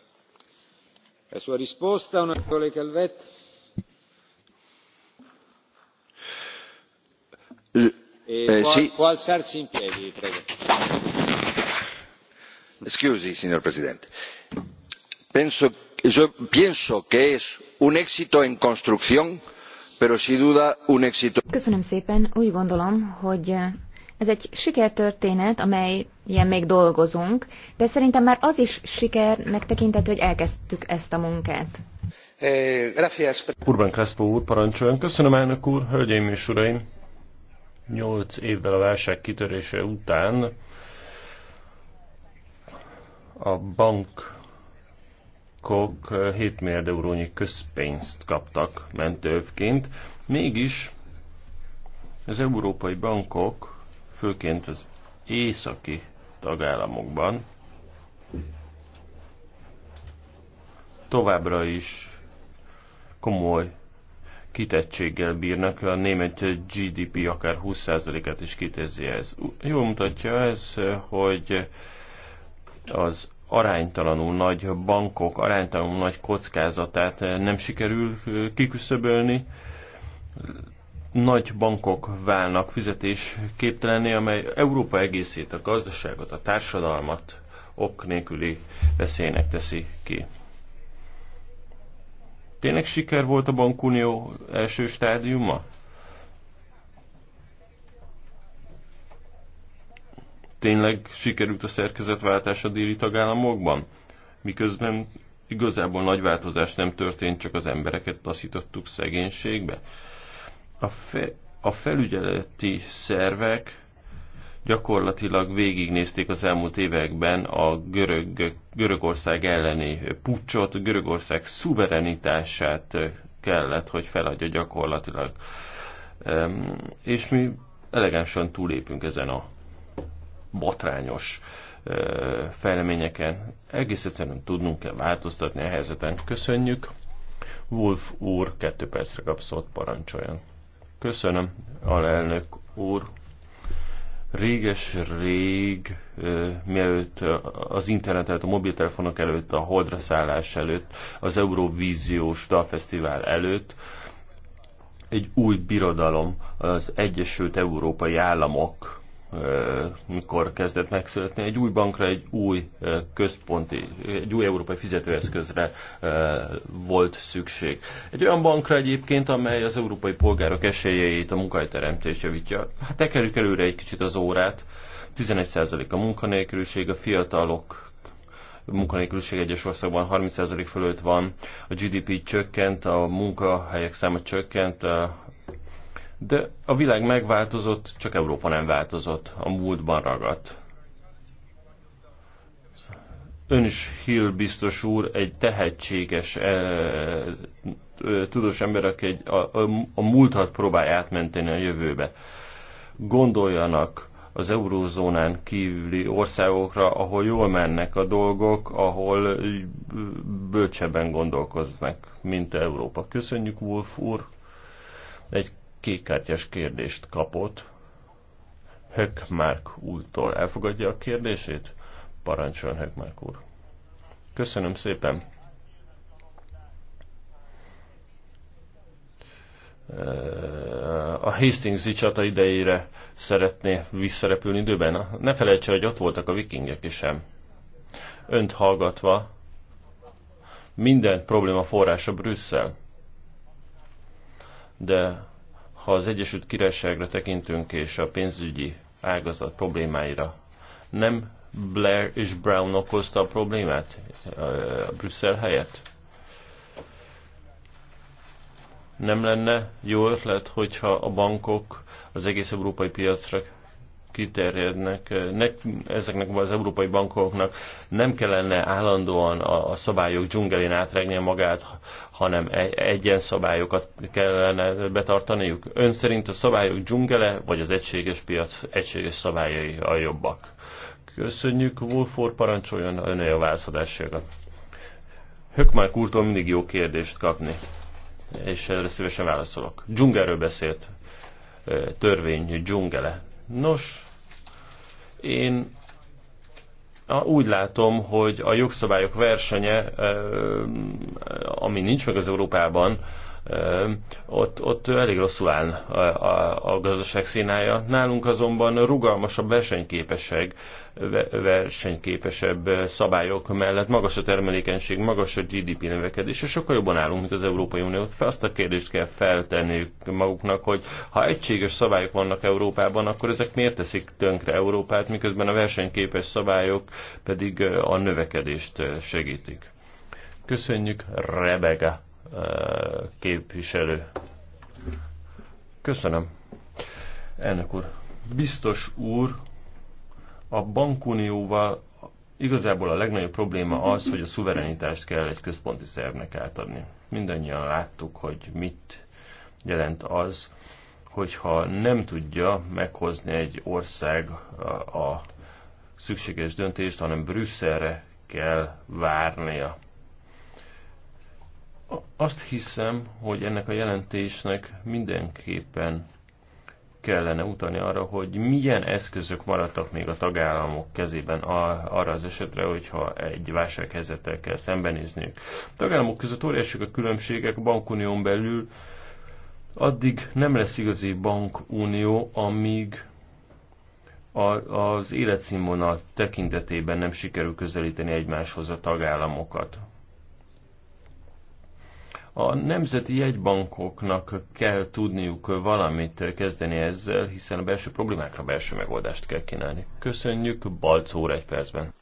Eh, eh, señor presidente pienso que es un éxito en construcción pero sin duda un éxito. köszönöm szépen úgy gondolom hogy ez egy sikertörténet amelyen még dolgozunk de szerintem már az is sikernek tekinthető hogy elkezdtük ezt a munkát. Eh, Urban Crespo úr, parancsoljon. Köszönöm, elnök úr, hölgyeim és uraim! 8 évvel a válság kitörése után a bankok 7 milliárd eurónyi közpénzt kaptak mentőövként. mégis az európai bankok, főként az északi tagállamokban továbbra is komoly kitettséggel bírnak, a német GDP akár 20%-át is kitézi ez. Jól mutatja ez, hogy az aránytalanul nagy bankok aránytalanul nagy kockázatát nem sikerül kiküszöbölni. Nagy bankok válnak fizetés amely Európa egészét, a gazdaságot, a társadalmat ok nélküli veszélynek teszi ki. Tényleg siker volt a bankunió első stádiuma? Tényleg sikerült a szerkezetváltás a déli tagállamokban? Miközben igazából nagy változás nem történt, csak az embereket taszítottuk szegénységbe. A, fe, a felügyeleti szervek gyakorlatilag végignézték az elmúlt években a görög, Görögország elleni pucsot, Görögország szuverenitását kellett, hogy feladja gyakorlatilag. És mi elegánsan túlépünk ezen a botrányos eh, fejleményeken. Egész egyszerűen tudnunk kell változtatni a helyzeten. Köszönjük. Wolf úr kettő percre kapszott parancsoljon. Köszönöm, alelnök úr réges-rég, mielőtt az internet előtt, a mobiltelefonok előtt, a holdra szállás előtt, az Eurovíziós dalfesztivál előtt egy új birodalom, az Egyesült Európai Államok mikor kezdett megszületni. Egy új bankra, egy új központi, egy új európai fizetőeszközre volt szükség. Egy olyan bankra egyébként, amely az európai polgárok esélyeit, a munkahelyteremtés javítja. Hát tekerjük előre egy kicsit az órát. 11% a munkanélküliség, a fiatalok munkanélküliség egyes országban 30% fölött van, a GDP csökkent, a munkahelyek száma csökkent, de a világ megváltozott, csak Európa nem változott, a múltban ragadt. Ön is Hill biztos úr egy tehetséges e, e, tudós ember, aki egy, a, a, a múltat próbálja átmenteni a jövőbe. Gondoljanak az eurózónán kívüli országokra, ahol jól mennek a dolgok, ahol bölcsebben gondolkoznak, mint Európa. Köszönjük, Wolf úr! Egy kékkártyás kérdést kapott. Höckmark úrtól elfogadja a kérdését? Parancsoljon Höckmark úr. Köszönöm szépen. A Hastings-i csata idejére szeretné visszarepülni időben? Ne felejtse, hogy ott voltak a vikingek is sem. Önt hallgatva minden probléma forrása Brüsszel. De ha az Egyesült Királyságra tekintünk és a pénzügyi ágazat problémáira, nem Blair és Brown okozta a problémát a Brüsszel helyett? Nem lenne jó ötlet, hogyha a bankok az egész európai piacra kiterjednek, eh, ne, ezeknek az európai bankoknak nem kellene állandóan a, a szabályok dzsungelén átregnie magát, hanem e-, egyen szabályokat kellene betartaniuk. Ön szerint a szabályok dzsungele, vagy az egységes piac egységes szabályai a jobbak? Köszönjük, Wolfor parancsoljon öné a válaszadásjogat. Hökmark úrtól mindig jó kérdést kapni, és erre szívesen válaszolok. Dzsungelről beszélt, eh, törvény dzsungele. Nos, én úgy látom, hogy a jogszabályok versenye, ami nincs meg az Európában, ott, ott elég rosszul áll a, a, a gazdaság színája. Nálunk azonban rugalmasabb versenyképesek, versenyképesebb szabályok mellett magas a termelékenység, magas a GDP növekedés, és sokkal jobban állunk, mint az Európai Unió. Azt a kérdést kell feltenniük maguknak, hogy ha egységes szabályok vannak Európában, akkor ezek miért teszik tönkre Európát, miközben a versenyképes szabályok pedig a növekedést segítik. Köszönjük, Rebega képviselő. Köszönöm. Elnök úr, biztos úr, a bankunióval igazából a legnagyobb probléma az, hogy a szuverenitást kell egy központi szervnek átadni. Mindannyian láttuk, hogy mit jelent az, hogyha nem tudja meghozni egy ország a, a szükséges döntést, hanem Brüsszelre kell várnia. Azt hiszem, hogy ennek a jelentésnek mindenképpen kellene utalni arra, hogy milyen eszközök maradtak még a tagállamok kezében arra az esetre, hogyha egy válsághelyzettel kell szembenézniük. A tagállamok között óriások a különbségek, a bankunión belül addig nem lesz igazi bankunió, amíg az életszínvonal tekintetében nem sikerül közelíteni egymáshoz a tagállamokat. A nemzeti jegybankoknak kell tudniuk valamit kezdeni ezzel, hiszen a belső problémákra belső megoldást kell kínálni. Köszönjük, Balcó egy percben.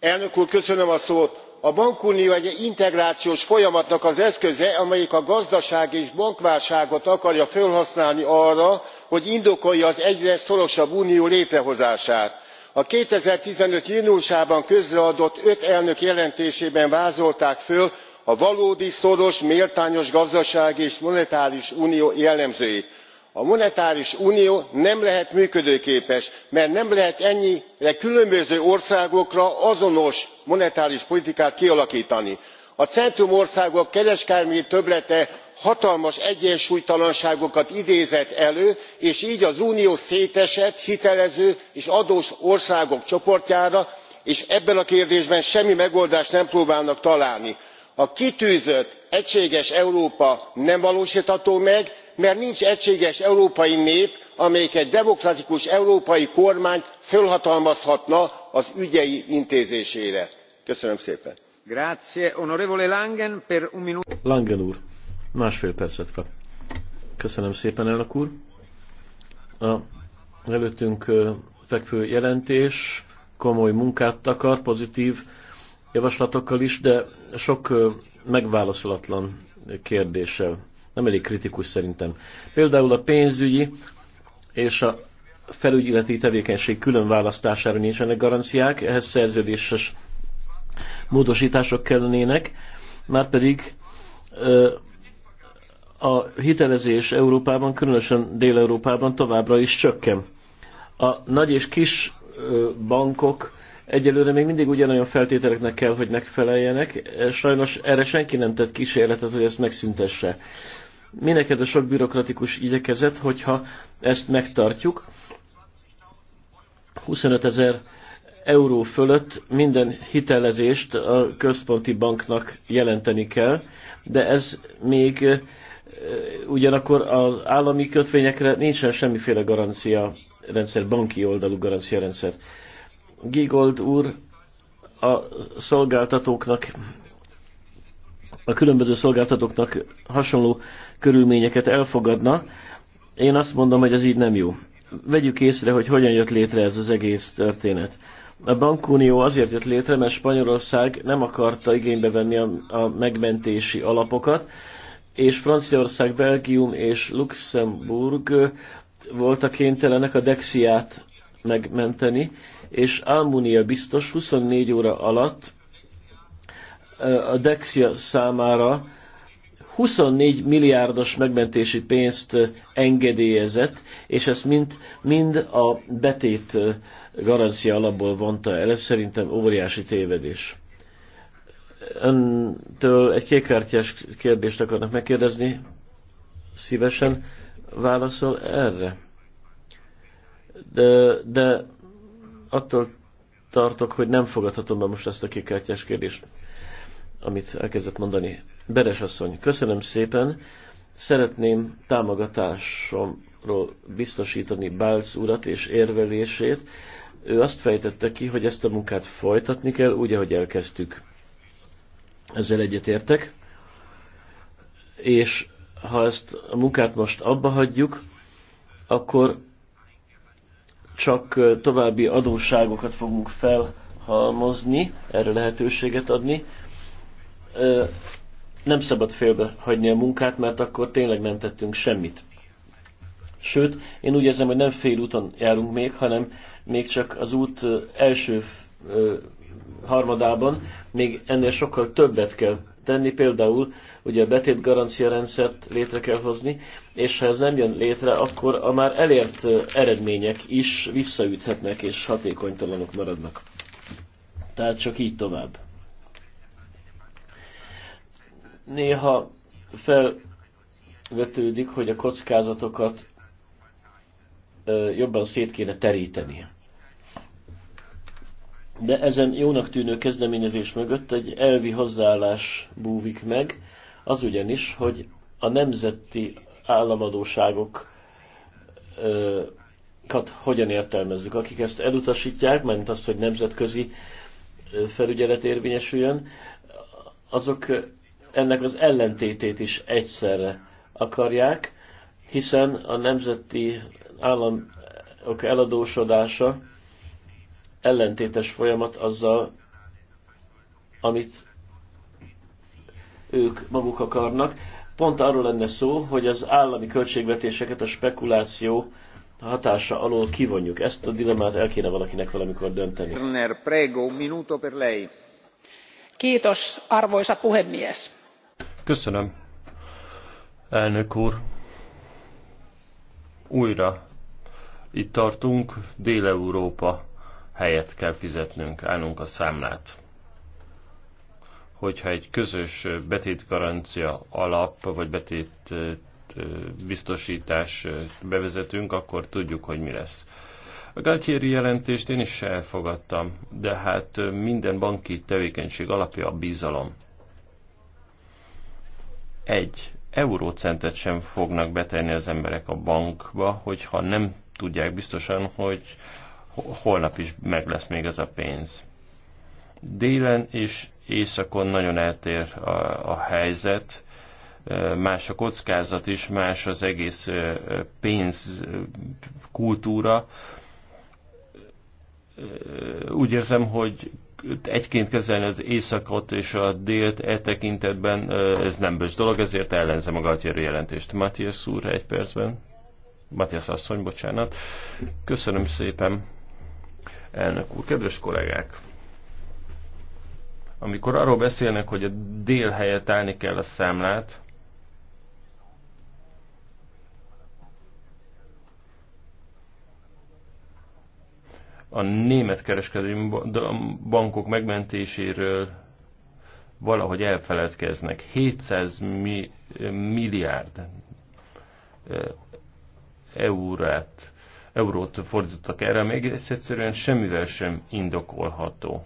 Elnök úr, köszönöm a szót a bankunió egy integrációs folyamatnak az eszköze amelyik a gazdaság és bankválságot akarja felhasználni arra hogy indokolja az egyre szorosabb unió létrehozását. a 2015 júniusában közreadott öt elnök jelentésében vázolták föl a valódi szoros méltányos gazdasági és monetáris unió jellemzőit. a monetáris unió nem lehet működőképes mert nem lehet ennyire különböző országokra azonos monetáris politikát kialaktani. a centrumországok kereskedelmi többlete hatalmas egyensúlytalanságokat idézett elő és gy az unió szétesett hitelező és adós országok csoportjára és ebben a kérdésben semmi megoldást nem próbálnak találni a kitűzött egységes európa nem valóstható meg mert nincs egységes európai nép amelyik egy demokratikus európai kormányt fölhatalmazhatna az ügyei intézésére. köszönöm szépen! langen úr másfél percet kap. Köszönöm szépen, elnök úr! A előttünk fekvő jelentés komoly munkát takar, pozitív javaslatokkal is, de sok megválaszolatlan kérdéssel. Nem elég kritikus szerintem. Például a pénzügyi és a felügyeleti tevékenység külön választására nincsenek garanciák, ehhez szerződéses módosítások kellenének, pedig a hitelezés Európában, különösen Dél-Európában továbbra is csökken. A nagy és kis bankok egyelőre még mindig ugyanolyan feltételeknek kell, hogy megfeleljenek. E, sajnos erre senki nem tett kísérletet, hogy ezt megszüntesse. Mineked a sok bürokratikus igyekezet, hogyha ezt megtartjuk, 25 ezer euró fölött minden hitelezést a központi banknak jelenteni kell, de ez még e, ugyanakkor az állami kötvényekre nincsen semmiféle garancia rendszer, banki oldalú garancia rendszer. Gigold úr a szolgáltatóknak, a különböző szolgáltatóknak hasonló körülményeket elfogadna. Én azt mondom, hogy ez így nem jó. Vegyük észre, hogy hogyan jött létre ez az egész történet. A bankunió azért jött létre, mert Spanyolország nem akarta igénybe venni a, a megmentési alapokat, és Franciaország, Belgium és Luxemburg voltak kénytelenek a Dexiát megmenteni, és Almunia biztos 24 óra alatt a Dexia számára 24 milliárdos megmentési pénzt engedélyezett, és ezt mind, mind a betét garancia alapból vonta el. Ez szerintem óriási tévedés. Öntől egy kékkártyás kérdést akarnak megkérdezni. Szívesen válaszol erre? de, de attól tartok, hogy nem fogadhatom be most ezt a kikártyás kérdést, amit elkezdett mondani. Beres asszony, köszönöm szépen. Szeretném támogatásomról biztosítani Bálc urat és érvelését. Ő azt fejtette ki, hogy ezt a munkát folytatni kell, úgy, ahogy elkezdtük. Ezzel egyetértek. És ha ezt a munkát most abba hagyjuk, akkor csak további adósságokat fogunk felhalmozni, erre lehetőséget adni. Nem szabad félbe hagyni a munkát, mert akkor tényleg nem tettünk semmit. Sőt, én úgy érzem, hogy nem fél úton járunk még, hanem még csak az út első harmadában még ennél sokkal többet kell tenni, például ugye a betét garancia rendszert létre kell hozni, és ha ez nem jön létre, akkor a már elért eredmények is visszaüthetnek és hatékonytalanok maradnak. Tehát csak így tovább. Néha felvetődik, hogy a kockázatokat jobban szét kéne teríteni de ezen jónak tűnő kezdeményezés mögött egy elvi hozzáállás búvik meg, az ugyanis, hogy a nemzeti államadóságokat hogyan értelmezzük. Akik ezt elutasítják, mert azt, hogy nemzetközi felügyelet érvényesüljön, azok ennek az ellentétét is egyszerre akarják, hiszen a nemzeti államok eladósodása ellentétes folyamat azzal, amit ők maguk akarnak. Pont arról lenne szó, hogy az állami költségvetéseket a spekuláció hatása alól kivonjuk. Ezt a dilemmát el kéne valakinek valamikor dönteni. Prego, minuto per lei. Kiitos, arvoisa puhemies. Köszönöm, elnök úr. Újra itt tartunk, Dél-Európa helyet kell fizetnünk, állnunk a számlát. Hogyha egy közös betétgarancia alap, vagy betét biztosítás bevezetünk, akkor tudjuk, hogy mi lesz. A Galtieri jelentést én is elfogadtam, de hát minden banki tevékenység alapja a bizalom. Egy eurócentet sem fognak betenni az emberek a bankba, hogyha nem tudják biztosan, hogy holnap is meg lesz még az a pénz. Délen és éjszakon nagyon eltér a, a helyzet, más a kockázat is, más az egész pénz kultúra. Úgy érzem, hogy egyként kezelni az éjszakot és a délt e tekintetben ez nem bős dolog, ezért ellenzem a Galtieri jelentést. Matthias úr, egy percben. Matthias asszony, bocsánat. Köszönöm szépen elnök úr. Kedves kollégák! Amikor arról beszélnek, hogy a dél helyett állni kell a számlát, a német kereskedelmi bankok megmentéséről valahogy elfeledkeznek. 700 mi, milliárd eh, eurát eurót fordítottak erre, még ez egyszerűen semmivel sem indokolható.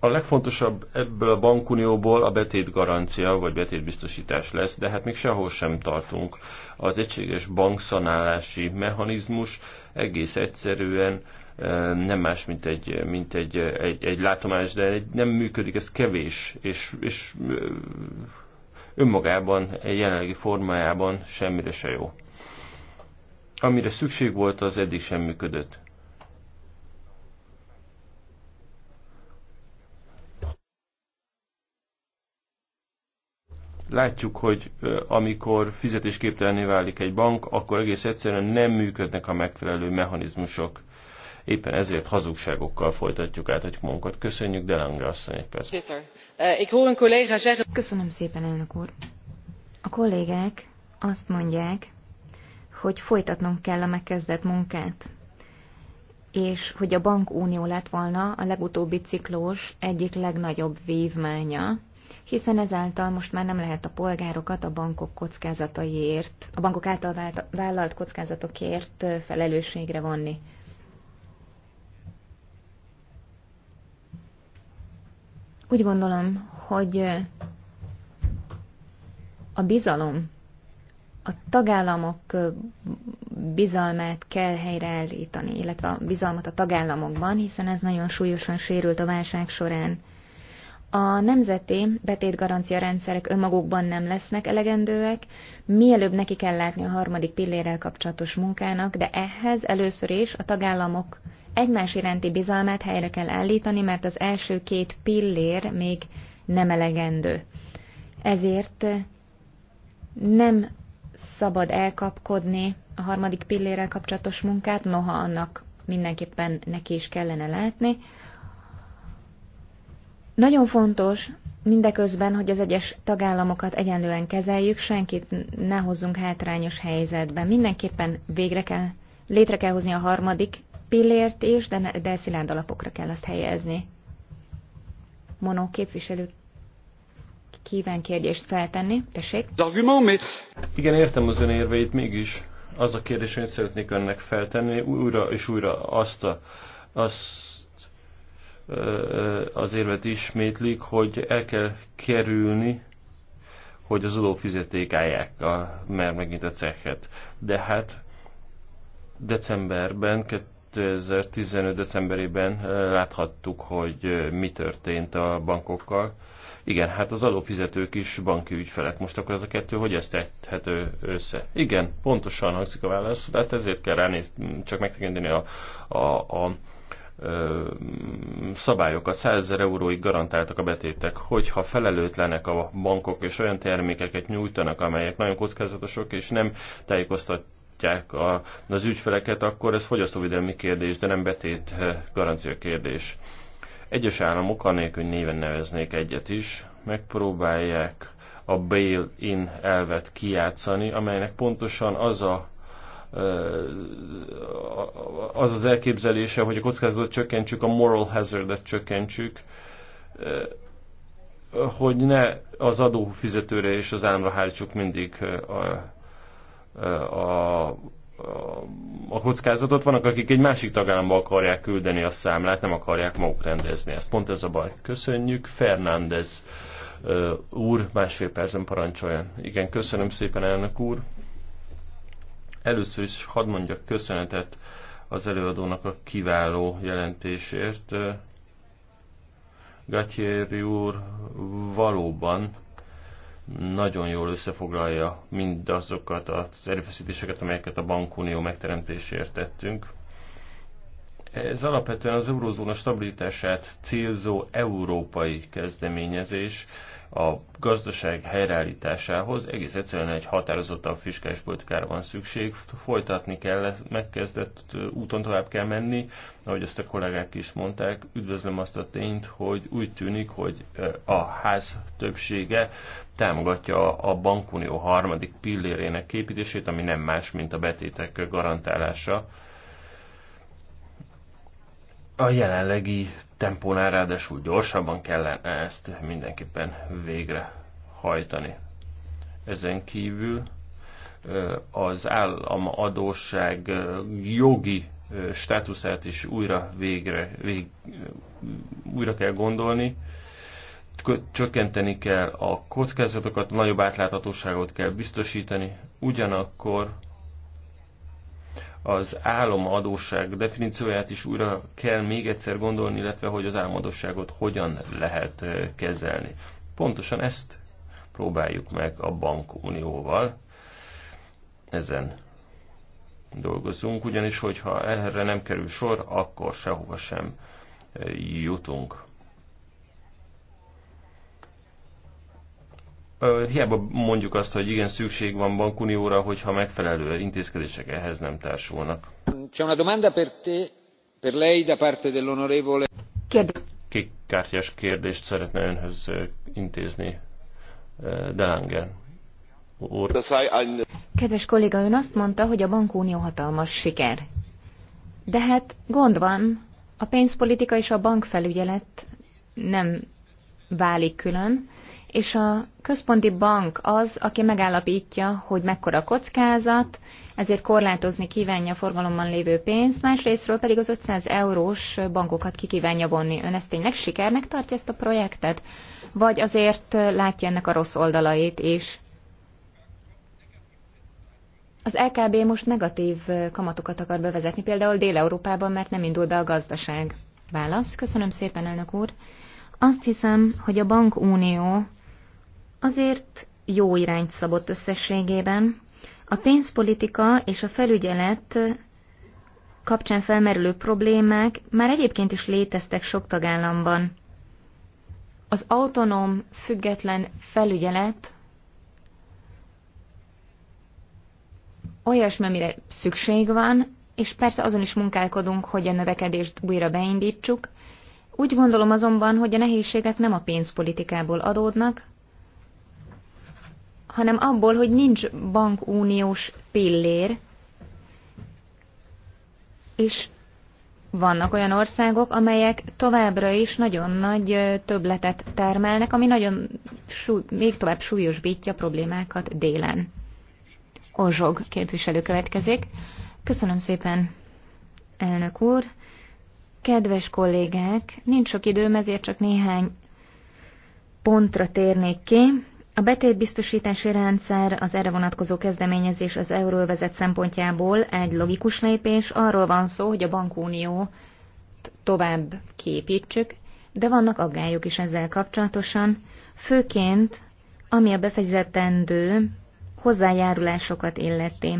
A legfontosabb ebből a bankunióból a betétgarancia vagy betétbiztosítás lesz, de hát még sehol sem tartunk. Az egységes bankszanálási mechanizmus egész egyszerűen eh, nem más, mint egy, mint egy, egy, egy látomás, de nem működik, ez kevés, és, és eh, önmagában, egy jelenlegi formájában semmire se jó. Amire szükség volt, az eddig sem működött. látjuk, hogy amikor fizetésképtelenné válik egy bank, akkor egész egyszerűen nem működnek a megfelelő mechanizmusok. Éppen ezért hazugságokkal folytatjuk át a munkat. Köszönjük, Delange asszony egy perc. Eh, Köszönöm szépen, elnök úr. A kollégák azt mondják, hogy folytatnunk kell a megkezdett munkát, és hogy a bankunió lett volna a legutóbbi ciklós egyik legnagyobb vívmánya, hiszen ezáltal most már nem lehet a polgárokat a bankok kockázataiért, a bankok által vállalt kockázatokért eh, felelősségre vonni. Úgy gondolom, hogy a bizalom, a tagállamok bizalmát kell helyreállítani, illetve a bizalmat a tagállamokban, hiszen ez nagyon súlyosan sérült a válság során. A nemzeti betétgarancia rendszerek önmagukban nem lesznek elegendőek, mielőbb neki kell látni a harmadik pillérrel kapcsolatos munkának, de ehhez először is a tagállamok egymás iránti bizalmát helyre kell állítani, mert az első két pillér még nem elegendő. Ezért nem szabad elkapkodni a harmadik pillérrel kapcsolatos munkát, noha annak mindenképpen neki is kellene látni. Nagyon fontos mindeközben, hogy az egyes tagállamokat egyenlően kezeljük, senkit ne hozzunk hátrányos helyzetbe. Mindenképpen végre kell, létre kell hozni a harmadik pillért is, de, de szilárd alapokra kell azt helyezni. Monó képviselő kíván kérdést feltenni. Tessék. Igen, értem az ön érveit, mégis az a kérdés, amit szeretnék önnek feltenni, újra és újra azt a, azt az érvet ismétlik, hogy el kell kerülni, hogy az adófizeték állják, a, mert megint a cehet. De hát decemberben, 2015. decemberében láthattuk, hogy mi történt a bankokkal. Igen, hát az adófizetők is banki ügyfelek. Most akkor ez a kettő hogy ezt tehető össze? Igen, pontosan hangzik a válasz, de hát ezért kell ránézni, csak megtekinteni a, a, a szabályokat. 100 ezer euróig garantáltak a betétek, hogyha felelőtlenek a bankok és olyan termékeket nyújtanak, amelyek nagyon kockázatosok, és nem tájékoztat bántják a, az ügyfeleket, akkor ez fogyasztóvédelmi kérdés, de nem betét eh, garancia kérdés. Egyes államok, anélkül néven neveznék egyet is, megpróbálják a bail-in elvet kijátszani, amelynek pontosan az a eh, az az elképzelése, hogy a kockázatot csökkentsük, a moral hazardet csökkentsük, eh, hogy ne az adófizetőre és az államra hártsuk mindig a a, a kockázatot, vannak akik egy másik tagállamba akarják küldeni a számlát, nem akarják maguk rendezni ezt. Pont ez a baj. Köszönjük. Fernández úr, másfél percben parancsoljon. Igen, köszönöm szépen, elnök úr. Először is hadd mondjak köszönetet az előadónak a kiváló jelentésért. Gatyéri úr valóban nagyon jól összefoglalja mindazokat az erőfeszítéseket, amelyeket a bankunió megteremtéséért tettünk. Ez alapvetően az eurózóna stabilitását célzó európai kezdeményezés, a gazdaság helyreállításához egész egyszerűen egy határozottabb fiskális politikára van szükség, folytatni kell, megkezdett úton tovább kell menni, ahogy ezt a kollégák is mondták, üdvözlöm azt a tényt, hogy úgy tűnik, hogy a ház többsége támogatja a bankunió harmadik pillérének képítését, ami nem más, mint a betétek garantálása, a jelenlegi tempónál ráadásul gyorsabban kellene ezt mindenképpen végre hajtani. Ezen kívül az adósság jogi státuszát is újra végre vég, újra kell gondolni, csökkenteni kell a kockázatokat, nagyobb átláthatóságot kell biztosítani, ugyanakkor az álomadóság definícióját is újra kell még egyszer gondolni, illetve hogy az álomadóságot hogyan lehet kezelni. Pontosan ezt próbáljuk meg a bankunióval. Ezen dolgozunk, ugyanis hogyha erre nem kerül sor, akkor sehova sem jutunk. Hiába mondjuk azt, hogy igen, szükség van bankunióra, hogyha megfelelő intézkedések ehhez nem társulnak. C'è una domanda per te, per lei da parte dell'onorevole... kérdést szeretne önhöz intézni de Úr. Kedves kolléga, ön azt mondta, hogy a bankunió hatalmas siker. De hát gond van, a pénzpolitika és a bankfelügyelet nem válik külön és a központi bank az, aki megállapítja, hogy mekkora kockázat, ezért korlátozni kívánja a forgalomban lévő pénzt, másrésztről pedig az 500 eurós bankokat ki kívánja vonni. Ön ezt tényleg sikernek tartja ezt a projektet? Vagy azért látja ennek a rossz oldalait is? Az LKB most negatív kamatokat akar bevezetni, például Dél-Európában, mert nem indul be a gazdaság. Válasz. Köszönöm szépen, elnök úr. Azt hiszem, hogy a bankunió azért jó irányt szabott összességében. A pénzpolitika és a felügyelet kapcsán felmerülő problémák már egyébként is léteztek sok tagállamban. Az autonóm, független felügyelet olyasmi, amire szükség van, és persze azon is munkálkodunk, hogy a növekedést újra beindítsuk. Úgy gondolom azonban, hogy a nehézségek nem a pénzpolitikából adódnak, hanem abból, hogy nincs bankuniós pillér, és vannak olyan országok, amelyek továbbra is nagyon nagy töbletet termelnek, ami nagyon súly, még tovább súlyosbítja a problémákat délen. Ozsog képviselő következik. Köszönöm szépen, elnök úr. Kedves kollégák, nincs sok időm, ezért csak néhány pontra térnék ki. A betétbiztosítási rendszer, az erre vonatkozó kezdeményezés az euróvezet szempontjából egy logikus lépés. Arról van szó, hogy a bankunió tovább képítsük, de vannak aggályok is ezzel kapcsolatosan, főként ami a befejezetendő hozzájárulásokat illeti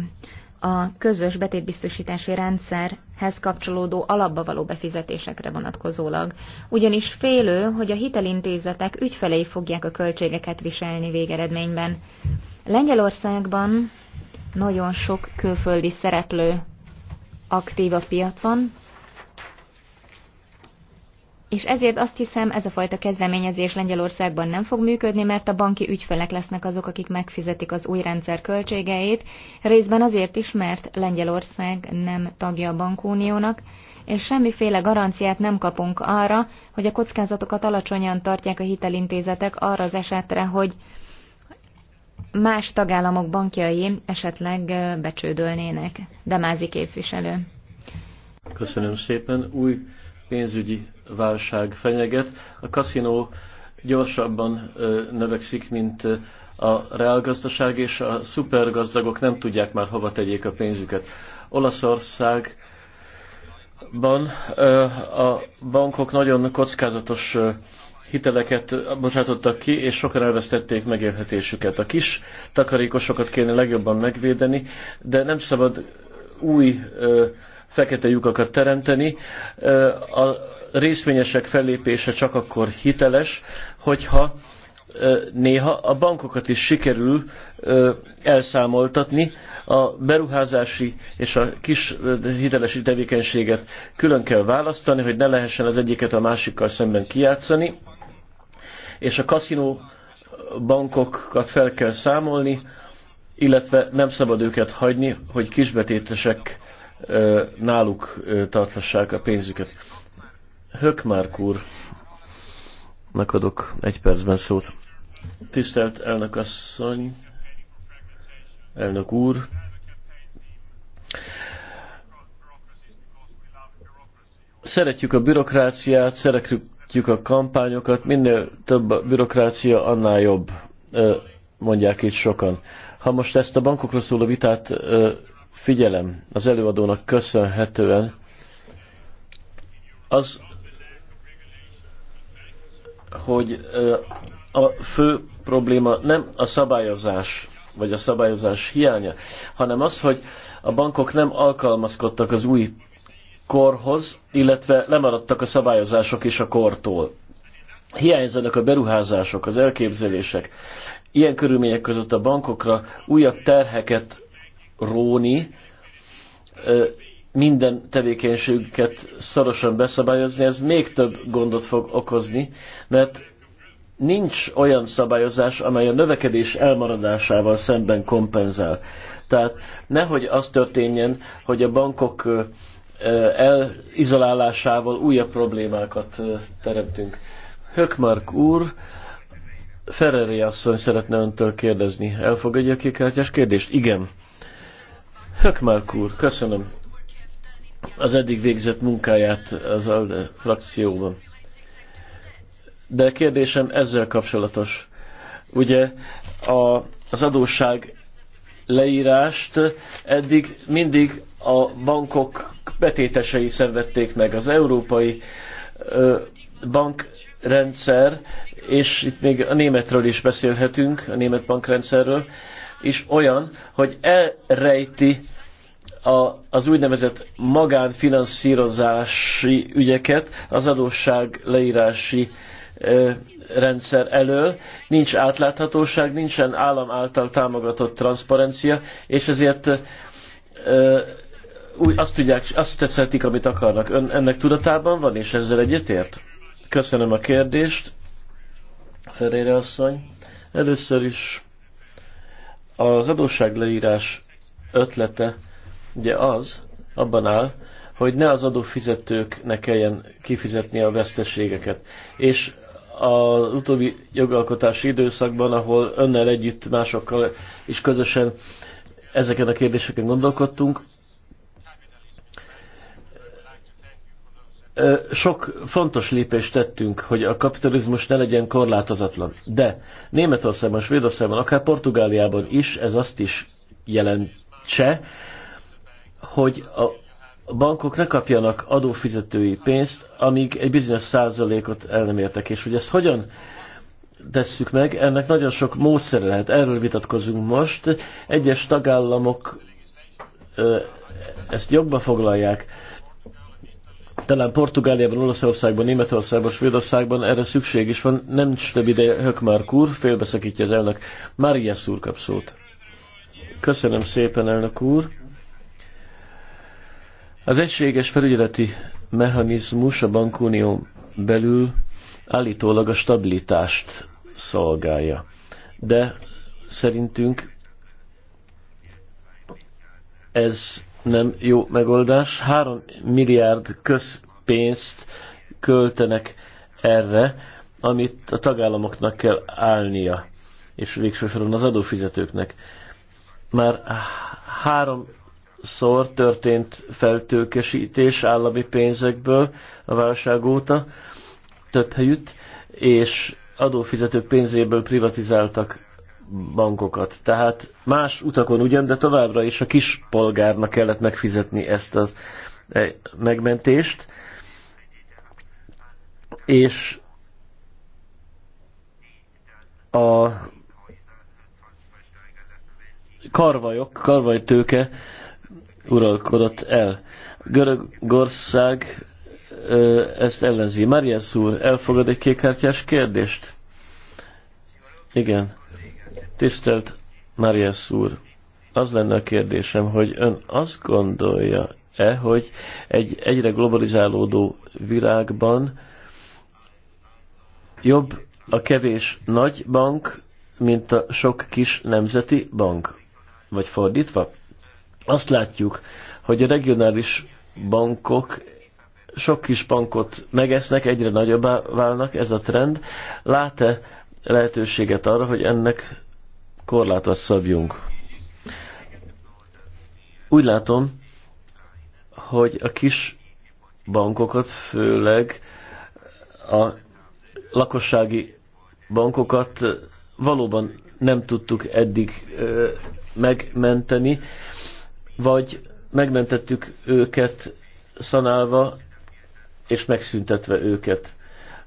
a közös betétbiztosítási rendszerhez kapcsolódó alapba való befizetésekre vonatkozólag, ugyanis félő, hogy a hitelintézetek ügyfelei fogják a költségeket viselni végeredményben. Lengyelországban nagyon sok külföldi szereplő aktív a piacon, és ezért azt hiszem, ez a fajta kezdeményezés Lengyelországban nem fog működni, mert a banki ügyfelek lesznek azok, akik megfizetik az új rendszer költségeit, részben azért is, mert Lengyelország nem tagja a bankuniónak, és semmiféle garanciát nem kapunk arra, hogy a kockázatokat alacsonyan tartják a hitelintézetek arra az esetre, hogy más tagállamok bankjai esetleg becsődölnének. Demázi képviselő. Köszönöm szépen. Új pénzügyi válság fenyeget. A kaszinó gyorsabban növekszik, mint a reálgazdaság, és a szupergazdagok nem tudják már hova tegyék a pénzüket. Olaszország Ban, a bankok nagyon kockázatos hiteleket bocsátottak ki, és sokan elvesztették megélhetésüket. A kis takarékosokat kéne legjobban megvédeni, de nem szabad új fekete lyukakat teremteni. A részvényesek fellépése csak akkor hiteles, hogyha néha a bankokat is sikerül elszámoltatni, a beruházási és a kis hitelesi tevékenységet külön kell választani, hogy ne lehessen az egyiket a másikkal szemben kijátszani, és a kaszinó bankokat fel kell számolni, illetve nem szabad őket hagyni, hogy kisbetétesek náluk tartassák a pénzüket. Hökmárk úrnak adok egy percben szót. Tisztelt elnök asszony, elnök úr, szeretjük a bürokráciát, szeretjük a kampányokat, minél több a bürokrácia, annál jobb, mondják itt sokan. Ha most ezt a bankokról szóló vitát figyelem, az előadónak köszönhetően, az hogy a fő probléma nem a szabályozás, vagy a szabályozás hiánya, hanem az, hogy a bankok nem alkalmazkodtak az új korhoz, illetve lemaradtak a szabályozások is a kortól. Hiányzanak a beruházások, az elképzelések. Ilyen körülmények között a bankokra újabb terheket róni, minden tevékenységüket szorosan beszabályozni, ez még több gondot fog okozni, mert nincs olyan szabályozás, amely a növekedés elmaradásával szemben kompenzál. Tehát nehogy az történjen, hogy a bankok elizolálásával újabb problémákat teremtünk. Hökmark úr, Ferreri asszony szeretne öntől kérdezni. Elfogadja a kékkártyás kérdést? Igen. Hökmark úr, köszönöm az eddig végzett munkáját az ALDE frakcióban. De kérdésem ezzel kapcsolatos. Ugye a, az adósság leírást eddig mindig a bankok betétesei szenvedték meg. Az európai ö, bankrendszer, és itt még a németről is beszélhetünk, a német bankrendszerről, is olyan, hogy elrejti a, az úgynevezett magánfinanszírozási ügyeket az adósság leírási ö, rendszer elől, nincs átláthatóság, nincsen állam által támogatott transzparencia, és ezért ö, úgy azt tudják, azt teszhetik, amit akarnak. Ön ennek tudatában van, és ezzel egyetért? Köszönöm a kérdést, Ferére asszony. Először is az adósságleírás ötlete ugye az abban áll, hogy ne az adófizetők ne kelljen kifizetni a veszteségeket. És az utóbbi jogalkotási időszakban, ahol önnel együtt másokkal is közösen ezeken a kérdéseken gondolkodtunk, sok fontos lépést tettünk, hogy a kapitalizmus ne legyen korlátozatlan. De Németországban, Svédországban, akár Portugáliában is ez azt is jelentse, hogy a bankok ne kapjanak adófizetői pénzt, amíg egy bizonyos százalékot el nem értek. És hogy ezt hogyan tesszük meg, ennek nagyon sok módszer lehet. Erről vitatkozunk most. Egyes tagállamok ezt jobban foglalják. Talán Portugáliában, Olaszországban, Németországban, Svédországban erre szükség is van. Nem több ideje Hökmark úr, félbeszakítja az elnök. Mária úr kap szót. Köszönöm szépen, elnök úr. Az egységes felügyeleti mechanizmus a bankunió belül állítólag a stabilitást szolgálja. De szerintünk ez nem jó megoldás. Három milliárd közpénzt költenek erre, amit a tagállamoknak kell állnia, és végső soron az adófizetőknek. Már három szor történt feltőkesítés állami pénzekből a válság óta több helyütt, és adófizetők pénzéből privatizáltak bankokat. Tehát más utakon ugyan, de továbbra is a kis polgárnak kellett megfizetni ezt az e, megmentést. És a karvajok, karvajtőke uralkodott el. Görögország ezt ellenzi. Marias úr, elfogad egy kékkártyás kérdést? Igen. Tisztelt Marias úr, az lenne a kérdésem, hogy ön azt gondolja-e, hogy egy egyre globalizálódó világban jobb a kevés nagy bank, mint a sok kis nemzeti bank? Vagy fordítva? Azt látjuk, hogy a regionális bankok sok kis bankot megesznek, egyre nagyobbá válnak ez a trend. Lát-e lehetőséget arra, hogy ennek korlátot szabjunk? Úgy látom, hogy a kis bankokat, főleg a lakossági bankokat valóban nem tudtuk eddig megmenteni vagy megmentettük őket szanálva és megszüntetve őket.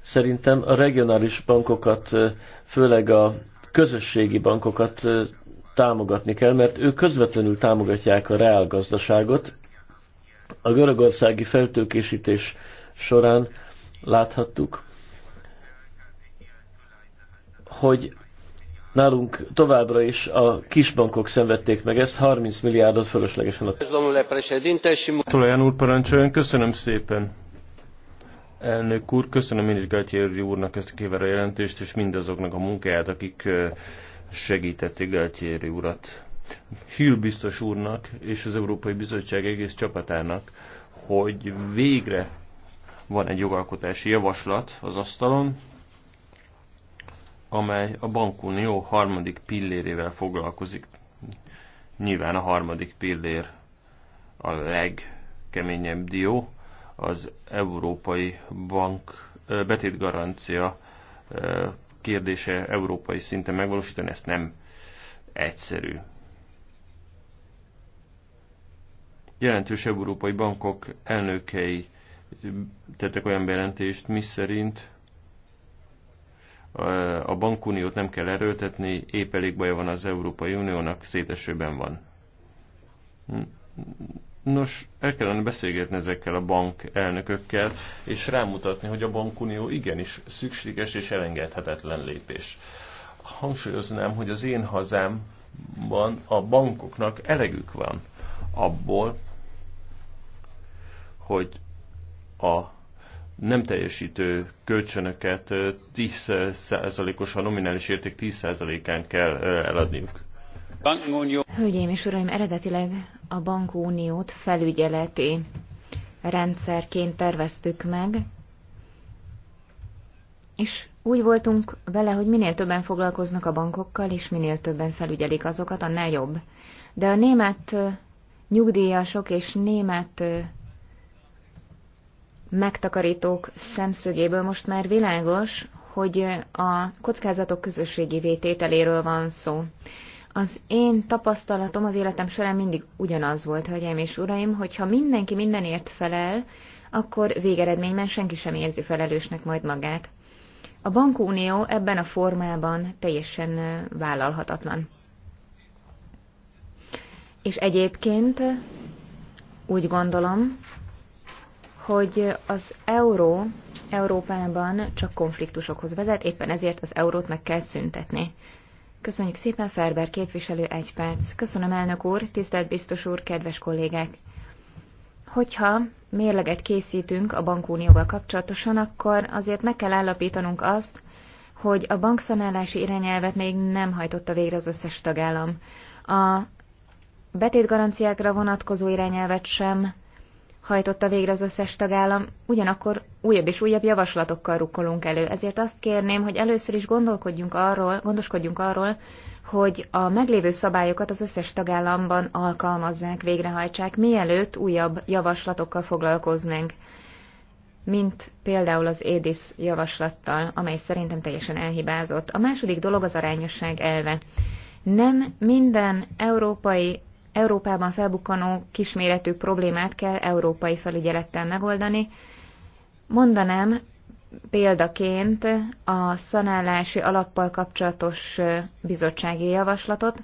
Szerintem a regionális bankokat, főleg a közösségi bankokat támogatni kell, mert ők közvetlenül támogatják a reálgazdaságot. A görögországi feltőkésítés során láthattuk, hogy Nálunk továbbra is a kisbankok szenvedték meg ezt, 30 milliárdot fölöslegesen a... Tolajan úr parancsoljon, köszönöm szépen. Elnök úr, köszönöm én is Galtieri úrnak ezt a kivára jelentést, és mindazoknak a munkáját, akik segítették Galtieri urat. Hill biztos úrnak és az Európai Bizottság egész csapatának, hogy végre van egy jogalkotási javaslat az asztalon, amely a bankunió harmadik pillérével foglalkozik. Nyilván a harmadik pillér a legkeményebb dió, az Európai Bank betétgarancia kérdése európai szinten megvalósítani, ezt nem egyszerű. Jelentős európai bankok elnökei tettek olyan bejelentést, miszerint a bankuniót nem kell erőltetni, épp elég baja van az Európai Uniónak, szétesőben van. Nos, el kellene beszélgetni ezekkel a bank elnökökkel, és rámutatni, hogy a bankunió igenis szükséges és elengedhetetlen lépés. Hangsúlyoznám, hogy az én hazámban a bankoknak elegük van abból, hogy a nem teljesítő kölcsönöket 10%-os, a nominális érték 10%-án kell eladniuk. Hölgyeim és uraim, eredetileg a bankuniót felügyeleti rendszerként terveztük meg, és úgy voltunk vele, hogy minél többen foglalkoznak a bankokkal, és minél többen felügyelik azokat, annál jobb. De a német nyugdíjasok és német megtakarítók szemszögéből most már világos, hogy a kockázatok közösségi vétételéről van szó. Az én tapasztalatom az életem során mindig ugyanaz volt, hölgyeim és uraim, hogy ha mindenki mindenért felel, akkor végeredményben senki sem érzi felelősnek majd magát. A bankunió ebben a formában teljesen vállalhatatlan. És egyébként úgy gondolom, hogy az euró Európában csak konfliktusokhoz vezet, éppen ezért az eurót meg kell szüntetni. Köszönjük szépen, Ferber képviselő, egy perc. Köszönöm, elnök úr, tisztelt biztos úr, kedves kollégák. Hogyha mérleget készítünk a bankunióval kapcsolatosan, akkor azért meg kell állapítanunk azt, hogy a bankszanálási irányelvet még nem hajtotta végre az összes tagállam. A betétgaranciákra vonatkozó irányelvet sem hajtotta végre az összes tagállam, ugyanakkor újabb és újabb javaslatokkal rukkolunk elő. Ezért azt kérném, hogy először is gondolkodjunk arról, gondoskodjunk arról, hogy a meglévő szabályokat az összes tagállamban alkalmazzák, végrehajtsák, mielőtt újabb javaslatokkal foglalkoznánk, mint például az EDIS javaslattal, amely szerintem teljesen elhibázott. A második dolog az arányosság elve. Nem minden európai Európában felbukkanó kisméretű problémát kell európai felügyelettel megoldani. Mondanám példaként a szanálási alappal kapcsolatos bizottsági javaslatot.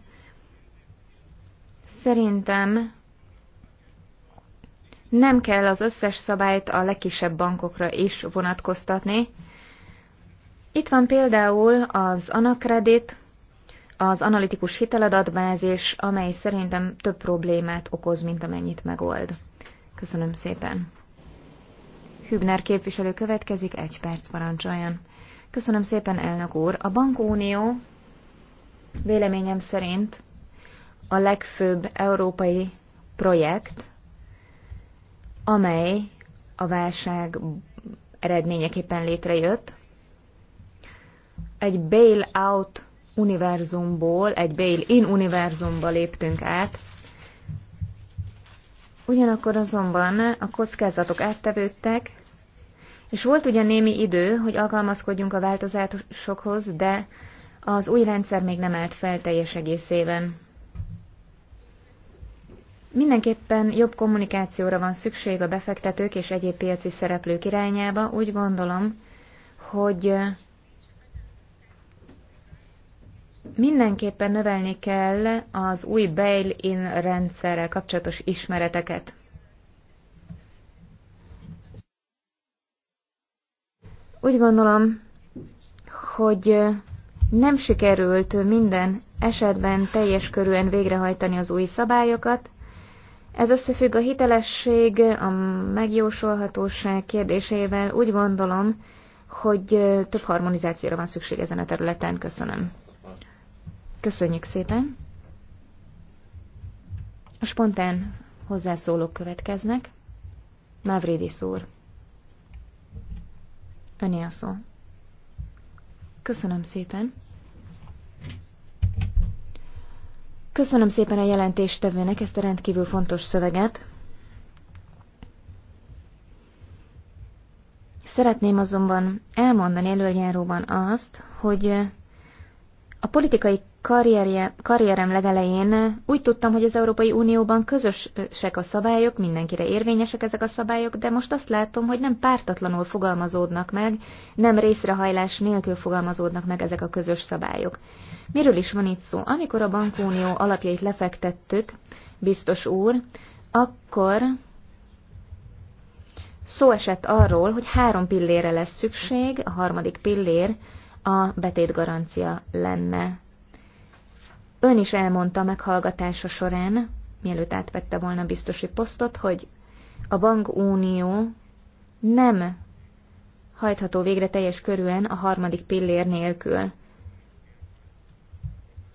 Szerintem nem kell az összes szabályt a legkisebb bankokra is vonatkoztatni. Itt van például az Anakredit, az analitikus hiteladatbázis, amely szerintem több problémát okoz, mint amennyit megold. Köszönöm szépen. Hübner képviselő következik, egy perc parancsoljon. Köszönöm szépen, elnök úr. A bankunió véleményem szerint a legfőbb európai projekt, amely a válság eredményeképpen létrejött. Egy bailout univerzumból, egy bail-in univerzumba léptünk át, ugyanakkor azonban a kockázatok áttevődtek, és volt ugyan némi idő, hogy alkalmazkodjunk a változásokhoz, de az új rendszer még nem állt fel teljes egészében. Mindenképpen jobb kommunikációra van szükség a befektetők és egyéb piaci szereplők irányába. Úgy gondolom, hogy Mindenképpen növelni kell az új bail-in rendszerrel kapcsolatos ismereteket. Úgy gondolom, hogy nem sikerült minden esetben teljes körűen végrehajtani az új szabályokat. Ez összefügg a hitelesség, a megjósolhatóság kérdésével. Úgy gondolom, hogy több harmonizációra van szükség ezen a területen. Köszönöm. Köszönjük szépen. A spontán hozzászólók következnek. Mavridis úr. Öné a szó. Köszönöm szépen. Köszönöm szépen a jelentéstevőnek ezt a rendkívül fontos szöveget. Szeretném azonban elmondani előjáróban azt, hogy a politikai karrierje, karrierem legelején úgy tudtam, hogy az Európai Unióban közösek a szabályok, mindenkire érvényesek ezek a szabályok, de most azt látom, hogy nem pártatlanul fogalmazódnak meg, nem részrehajlás nélkül fogalmazódnak meg ezek a közös szabályok. Miről is van itt szó? Amikor a bankunió alapjait lefektettük, biztos úr, akkor szó esett arról, hogy három pillére lesz szükség, a harmadik pillér a betétgarancia lenne Ön is elmondta meghallgatása során, mielőtt átvette volna a biztosi posztot, hogy a bankunió nem hajtható végre teljes körűen a harmadik pillér nélkül.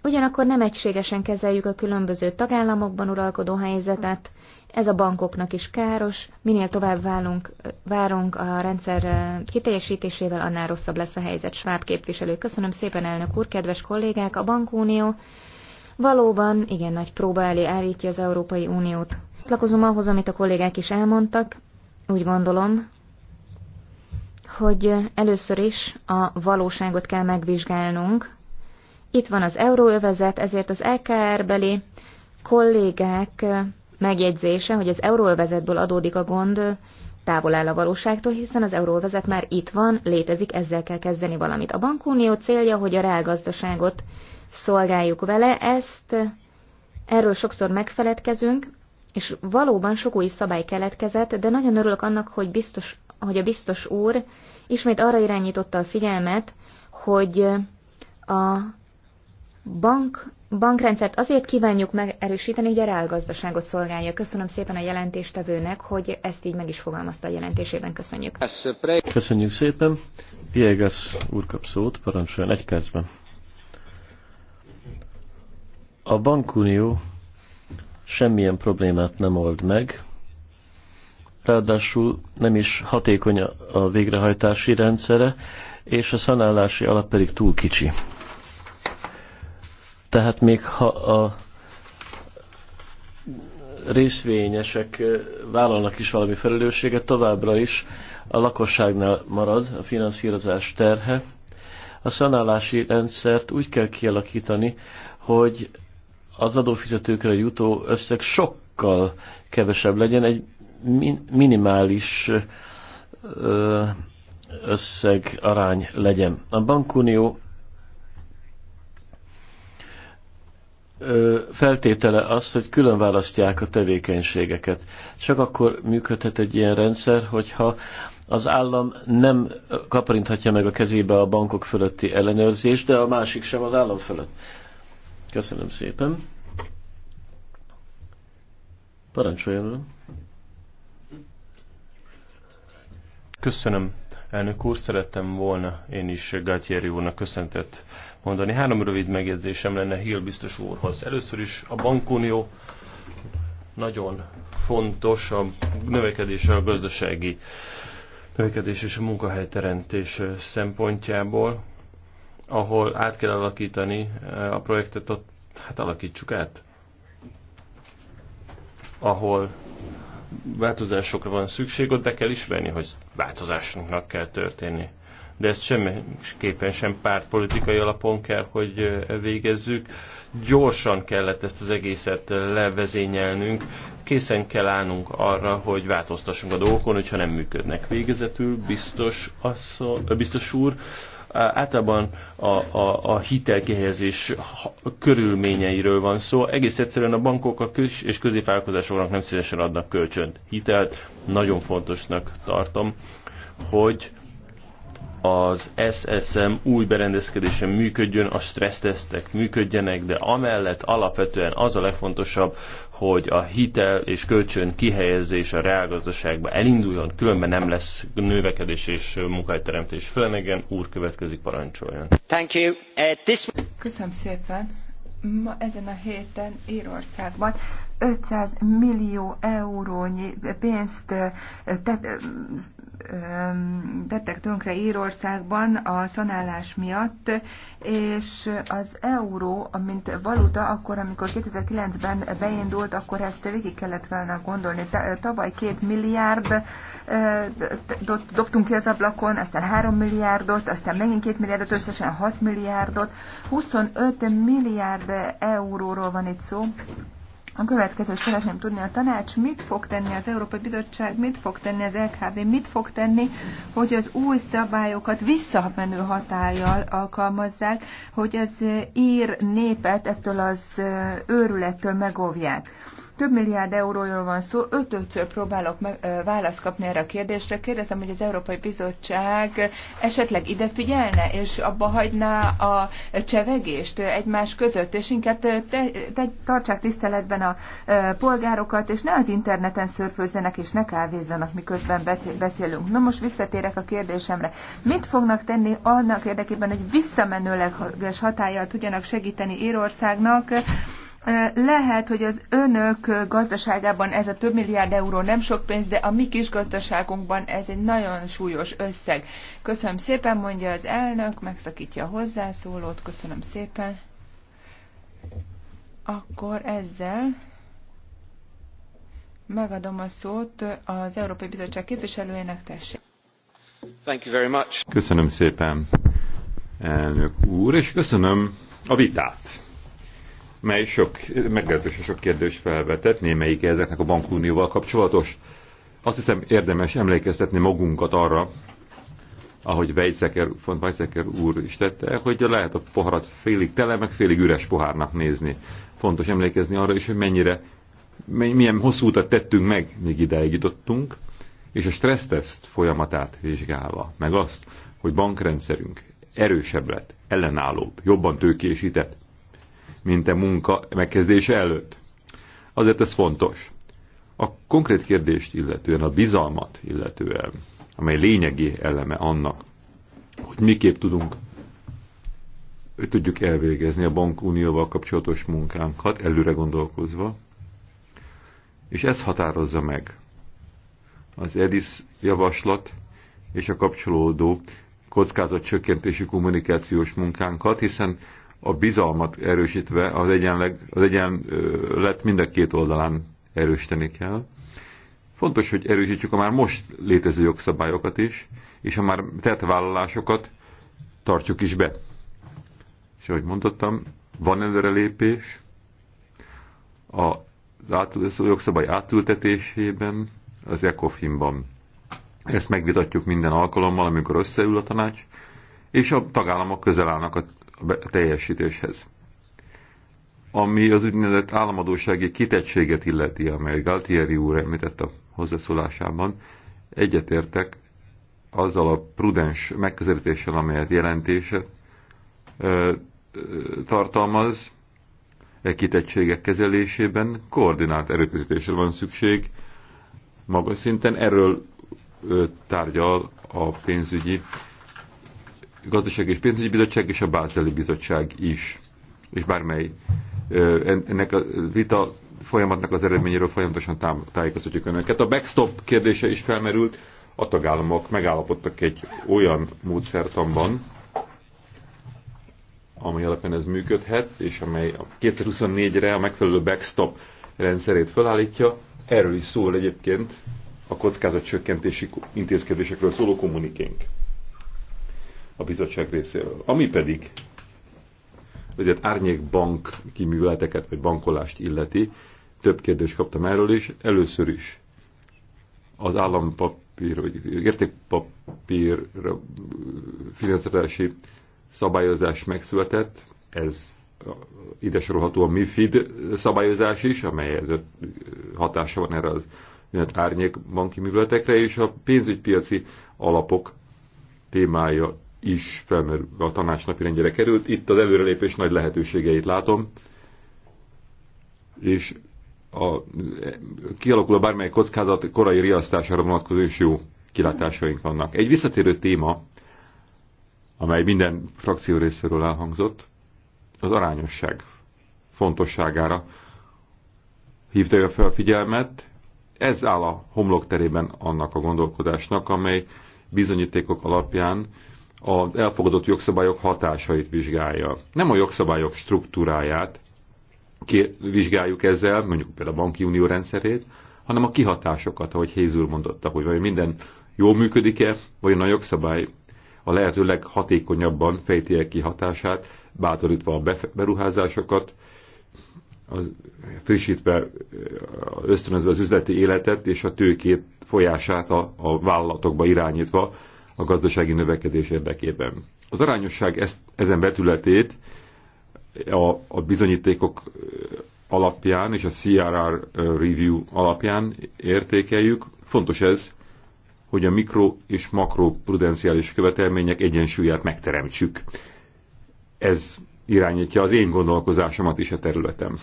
Ugyanakkor nem egységesen kezeljük a különböző tagállamokban uralkodó helyzetet, ez a bankoknak is káros, minél tovább válunk, várunk a rendszer kiteljesítésével, annál rosszabb lesz a helyzet. Schwab képviselő, köszönöm szépen elnök úr, kedves kollégák, a bankunió valóban igen nagy próba elé állítja az Európai Uniót. Tlakozom ahhoz, amit a kollégák is elmondtak, úgy gondolom, hogy először is a valóságot kell megvizsgálnunk. Itt van az euróövezet, ezért az LKR beli kollégák megjegyzése, hogy az euróövezetből adódik a gond, távol áll a valóságtól, hiszen az euróvezet már itt van, létezik, ezzel kell kezdeni valamit. A bankunió célja, hogy a reálgazdaságot szolgáljuk vele, ezt erről sokszor megfeledkezünk, és valóban sok új szabály keletkezett, de nagyon örülök annak, hogy, biztos, hogy a biztos úr ismét arra irányította a figyelmet, hogy a bank, bankrendszert azért kívánjuk megerősíteni, hogy a reálgazdaságot szolgálja. Köszönöm szépen a jelentéstevőnek, hogy ezt így meg is fogalmazta a jelentésében. Köszönjük. Köszönjük szépen. Piegas úr kap szót, parancsoljon egy percben. A bankunió semmilyen problémát nem old meg, ráadásul nem is hatékony a végrehajtási rendszere, és a szanállási alap pedig túl kicsi. Tehát még ha a részvényesek vállalnak is valami felelősséget, továbbra is a lakosságnál marad a finanszírozás terhe. A szanálási rendszert úgy kell kialakítani, hogy az adófizetőkre jutó összeg sokkal kevesebb legyen, egy minimális összeg arány legyen. A bankunió feltétele az, hogy külön választják a tevékenységeket. Csak akkor működhet egy ilyen rendszer, hogyha az állam nem kaparinthatja meg a kezébe a bankok fölötti ellenőrzést, de a másik sem az állam fölött. Köszönöm szépen. Parancsoljon Köszönöm, elnök úr. Szerettem volna én is Gatieri úrnak köszöntet mondani. Három rövid megjegyzésem lenne Hill biztos úrhoz. Először is a bankunió nagyon fontos a növekedés a gazdasági növekedés és a munkahelyteremtés szempontjából ahol át kell alakítani eh, a projektet, ott hát alakítsuk át. Ahol változásokra van szükség, ott be kell ismerni, hogy változásunknak kell történni. De ezt semmiképpen sem pártpolitikai alapon kell, hogy eh, végezzük. Gyorsan kellett ezt az egészet eh, levezényelnünk, készen kell állnunk arra, hogy változtassunk a dolgokon, hogyha nem működnek. Végezetül biztos, asszon, biztos úr, általában a, a, a hitelkihelyezés körülményeiről van szó. Egész egyszerűen a bankok a kis és középvállalkozásoknak nem szívesen adnak kölcsönt. Hitelt nagyon fontosnak tartom, hogy az SSM új berendezkedésen működjön, a stressztesztek működjenek, de amellett alapvetően az a legfontosabb, hogy a hitel és kölcsön kihelyezés a reálgazdaságba elinduljon, különben nem lesz növekedés és munkahelyteremtés. Flanagan úr következik, parancsoljon. Thank you. Uh, this... Köszönöm szépen. Ma ezen a héten Írországban 500 millió eurónyi pénzt tettek tönkre Írországban a szanálás miatt, és az euró, mint valuta, akkor, amikor 2009-ben beindult, akkor ezt végig kellett volna gondolni. Tavaly két milliárd dobtunk ki az ablakon, aztán 3 milliárdot, aztán megint 2 milliárdot, összesen 6 milliárdot. 25 milliárd euróról van itt szó, a következőt szeretném tudni a tanács, mit fog tenni az Európai Bizottság, mit fog tenni az LKV, mit fog tenni, hogy az új szabályokat visszamenő hatállyal alkalmazzák, hogy az ír népet ettől az őrülettől megóvják több milliárd euróról van szó, ötötször próbálok meg, ö, választ kapni erre a kérdésre. Kérdezem, hogy az Európai Bizottság esetleg ide figyelne, és abba hagyná a csevegést egymás között, és inkább te, te, tartsák tiszteletben a ö, polgárokat, és ne az interneten szörfőzzenek, és ne kávézzanak, miközben beszélünk. Na most visszatérek a kérdésemre. Mit fognak tenni annak érdekében, hogy visszamenőleges hatállyal tudjanak segíteni Írországnak, lehet, hogy az önök gazdaságában ez a több milliárd euró nem sok pénz, de a mi kis gazdaságunkban ez egy nagyon súlyos összeg. Köszönöm szépen, mondja az elnök, megszakítja a hozzászólót. Köszönöm szépen. Akkor ezzel megadom a szót az Európai Bizottság képviselőjének, tessék. Thank you very much. Köszönöm szépen, elnök úr, és köszönöm a vitát mely sok, meglehetősen sok kérdés felvetett, némelyik ezeknek a bankunióval kapcsolatos. Azt hiszem érdemes emlékeztetni magunkat arra, ahogy Weizsäcker, von Weizsäcker úr is tette, hogy lehet a poharat félig tele, meg félig üres pohárnak nézni. Fontos emlékezni arra is, hogy mennyire, milyen hosszú utat tettünk meg, míg ideig jutottunk, és a stresszteszt folyamatát vizsgálva, meg azt, hogy bankrendszerünk erősebb lett, ellenállóbb, jobban tőkésített, mint a munka megkezdése előtt. Azért ez fontos. A konkrét kérdést illetően, a bizalmat illetően, amely lényegi eleme annak, hogy miképp tudunk hogy tudjuk elvégezni a bankunióval kapcsolatos munkánkat, előre gondolkozva, és ez határozza meg az EDIS javaslat és a kapcsolódó kockázatcsökkentési kommunikációs munkánkat, hiszen a bizalmat erősítve az, egyenleg, az egyen lett mind a két oldalán erősíteni kell. Fontos, hogy erősítsük a már most létező jogszabályokat is, és a már tett vállalásokat tartsuk is be. És ahogy mondottam, van előrelépés az átül, jogszabály átültetésében, az ECOFIN-ban. Ezt megvitatjuk minden alkalommal, amikor összeül a tanács, és a tagállamok közel állnak a teljesítéshez. Ami az úgynevezett államadósági kitettséget illeti, amely Galtieri úr említett a hozzászólásában, egyetértek azzal a prudens megközelítéssel, amelyet jelentése tartalmaz, e kitettségek kezelésében koordinált erőközítésre van szükség magas szinten. Erről tárgyal a pénzügyi Gazdaság és Pénzügyi Bizottság és a Bázeli Bizottság is, és bármely ennek a vita folyamatnak az eredményéről folyamatosan tájékoztatjuk önöket. A backstop kérdése is felmerült, a tagállamok megállapodtak egy olyan módszertanban, amely alapján ez működhet, és amely a 2024-re a megfelelő backstop rendszerét felállítja. Erről is szól egyébként a csökkentési intézkedésekről szóló kommunikénk a bizottság részéről. Ami pedig azért árnyékbank kiműveleteket vagy bankolást illeti, több kérdést kaptam erről is. Először is az állampapír, vagy értékpapír finanszírozási szabályozás megszületett, ez ide sorolható a MIFID szabályozás is, amely hatása van erre az árnyék banki műveletekre, és a pénzügypiaci alapok témája is felmerül, a tanács napirendjére került. Itt az előrelépés nagy lehetőségeit látom, és a kialakuló bármely kockázat korai riasztására vonatkozó és jó kilátásaink vannak. Egy visszatérő téma, amely minden frakció részéről elhangzott, az arányosság fontosságára hívta fel a figyelmet. Ez áll a homlokterében annak a gondolkodásnak, amely bizonyítékok alapján az elfogadott jogszabályok hatásait vizsgálja. Nem a jogszabályok struktúráját vizsgáljuk ezzel, mondjuk például a banki unió rendszerét, hanem a kihatásokat, ahogy Hézül mondotta, hogy vagy minden jól működik-e, vagy a jogszabály a lehető leghatékonyabban fejti -e ki hatását, bátorítva a beruházásokat, az, frissítve, ösztönözve az üzleti életet és a tőkét folyását a, a vállalatokba irányítva, a gazdasági növekedés érdekében. Az arányosság ezt, ezen betületét a, a bizonyítékok alapján és a CRR review alapján értékeljük. Fontos ez, hogy a mikro és makro prudenciális követelmények egyensúlyát megteremtsük. Ez irányítja az én gondolkozásomat is a területem.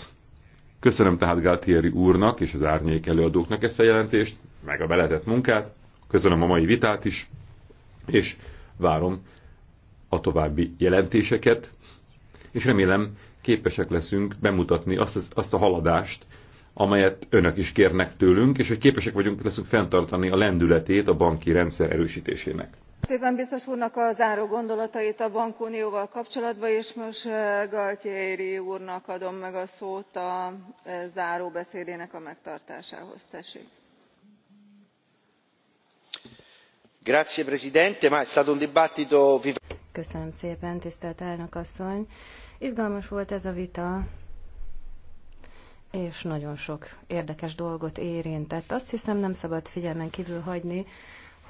Köszönöm tehát Galtieri úrnak és az árnyék előadóknak ezt a jelentést, meg a beletett munkát. Köszönöm a mai vitát is és várom a további jelentéseket, és remélem képesek leszünk bemutatni azt, az, azt a haladást, amelyet önök is kérnek tőlünk, és hogy képesek vagyunk leszünk fenntartani a lendületét a banki rendszer erősítésének. Szépen biztos úrnak a záró gondolatait a bankunióval kapcsolatban, és most eh, Galtieri úrnak adom meg a szót a eh, záró beszédének a megtartásához. Tessék! Köszönöm szépen, tisztelt elnök asszony. Izgalmas volt ez a vita, és nagyon sok érdekes dolgot érintett. Azt hiszem nem szabad figyelmen kívül hagyni,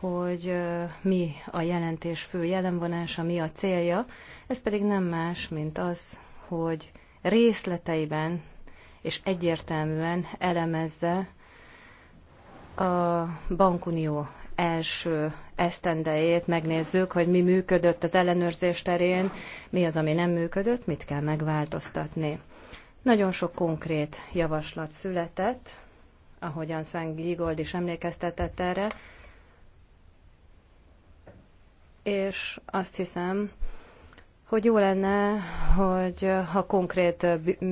hogy mi a jelentés fő jelenvonása, mi a célja. Ez pedig nem más, mint az, hogy részleteiben és egyértelműen elemezze a bankunió első esztendejét, megnézzük, hogy mi működött az ellenőrzés terén, mi az, ami nem működött, mit kell megváltoztatni. Nagyon sok konkrét javaslat született, ahogyan Sven Gigold is emlékeztetett erre, és azt hiszem, hogy jó lenne, hogy ha konkrét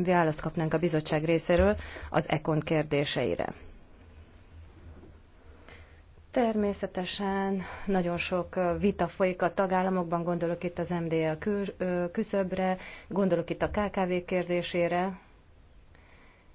választ kapnánk a bizottság részéről az ECON kérdéseire. Természetesen nagyon sok vita folyik a tagállamokban, gondolok itt az MDL küszöbre, gondolok itt a KKV kérdésére.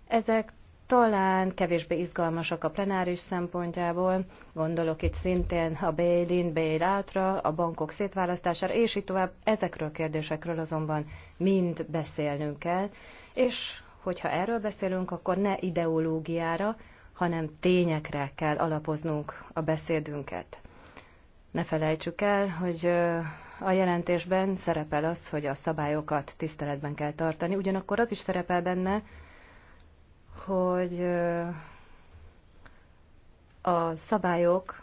Ezek talán kevésbé izgalmasak a plenáris szempontjából, gondolok itt szintén a bail-in, bail-outra, a bankok szétválasztására, és így tovább. Ezekről a kérdésekről azonban mind beszélnünk kell, és hogyha erről beszélünk, akkor ne ideológiára, hanem tényekre kell alapoznunk a beszédünket. Ne felejtsük el, hogy a jelentésben szerepel az, hogy a szabályokat tiszteletben kell tartani, ugyanakkor az is szerepel benne, hogy a szabályok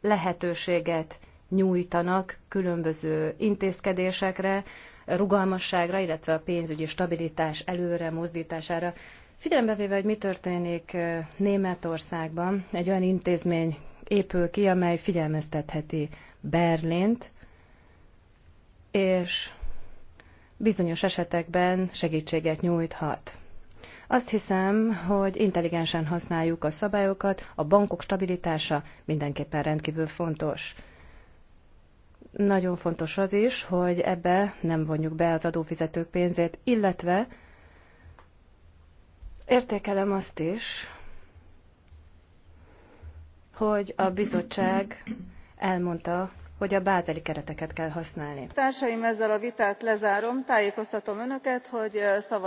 lehetőséget nyújtanak különböző intézkedésekre, rugalmasságra, illetve a pénzügyi stabilitás előre mozdítására. Figyelembe véve, hogy mi történik eh, Németországban, egy olyan intézmény épül ki, amely figyelmeztetheti Berlint, és bizonyos esetekben segítséget nyújthat. Azt hiszem, hogy intelligensen használjuk a szabályokat, a bankok stabilitása mindenképpen rendkívül fontos. Nagyon fontos az is, hogy ebbe nem vonjuk be az adófizetők pénzét, illetve Értékelem azt is, hogy a bizottság elmondta, hogy a bázeli kereteket kell használni. társaim ezzel a vitát lezárom tájékoztatom önöket hogy szavazásra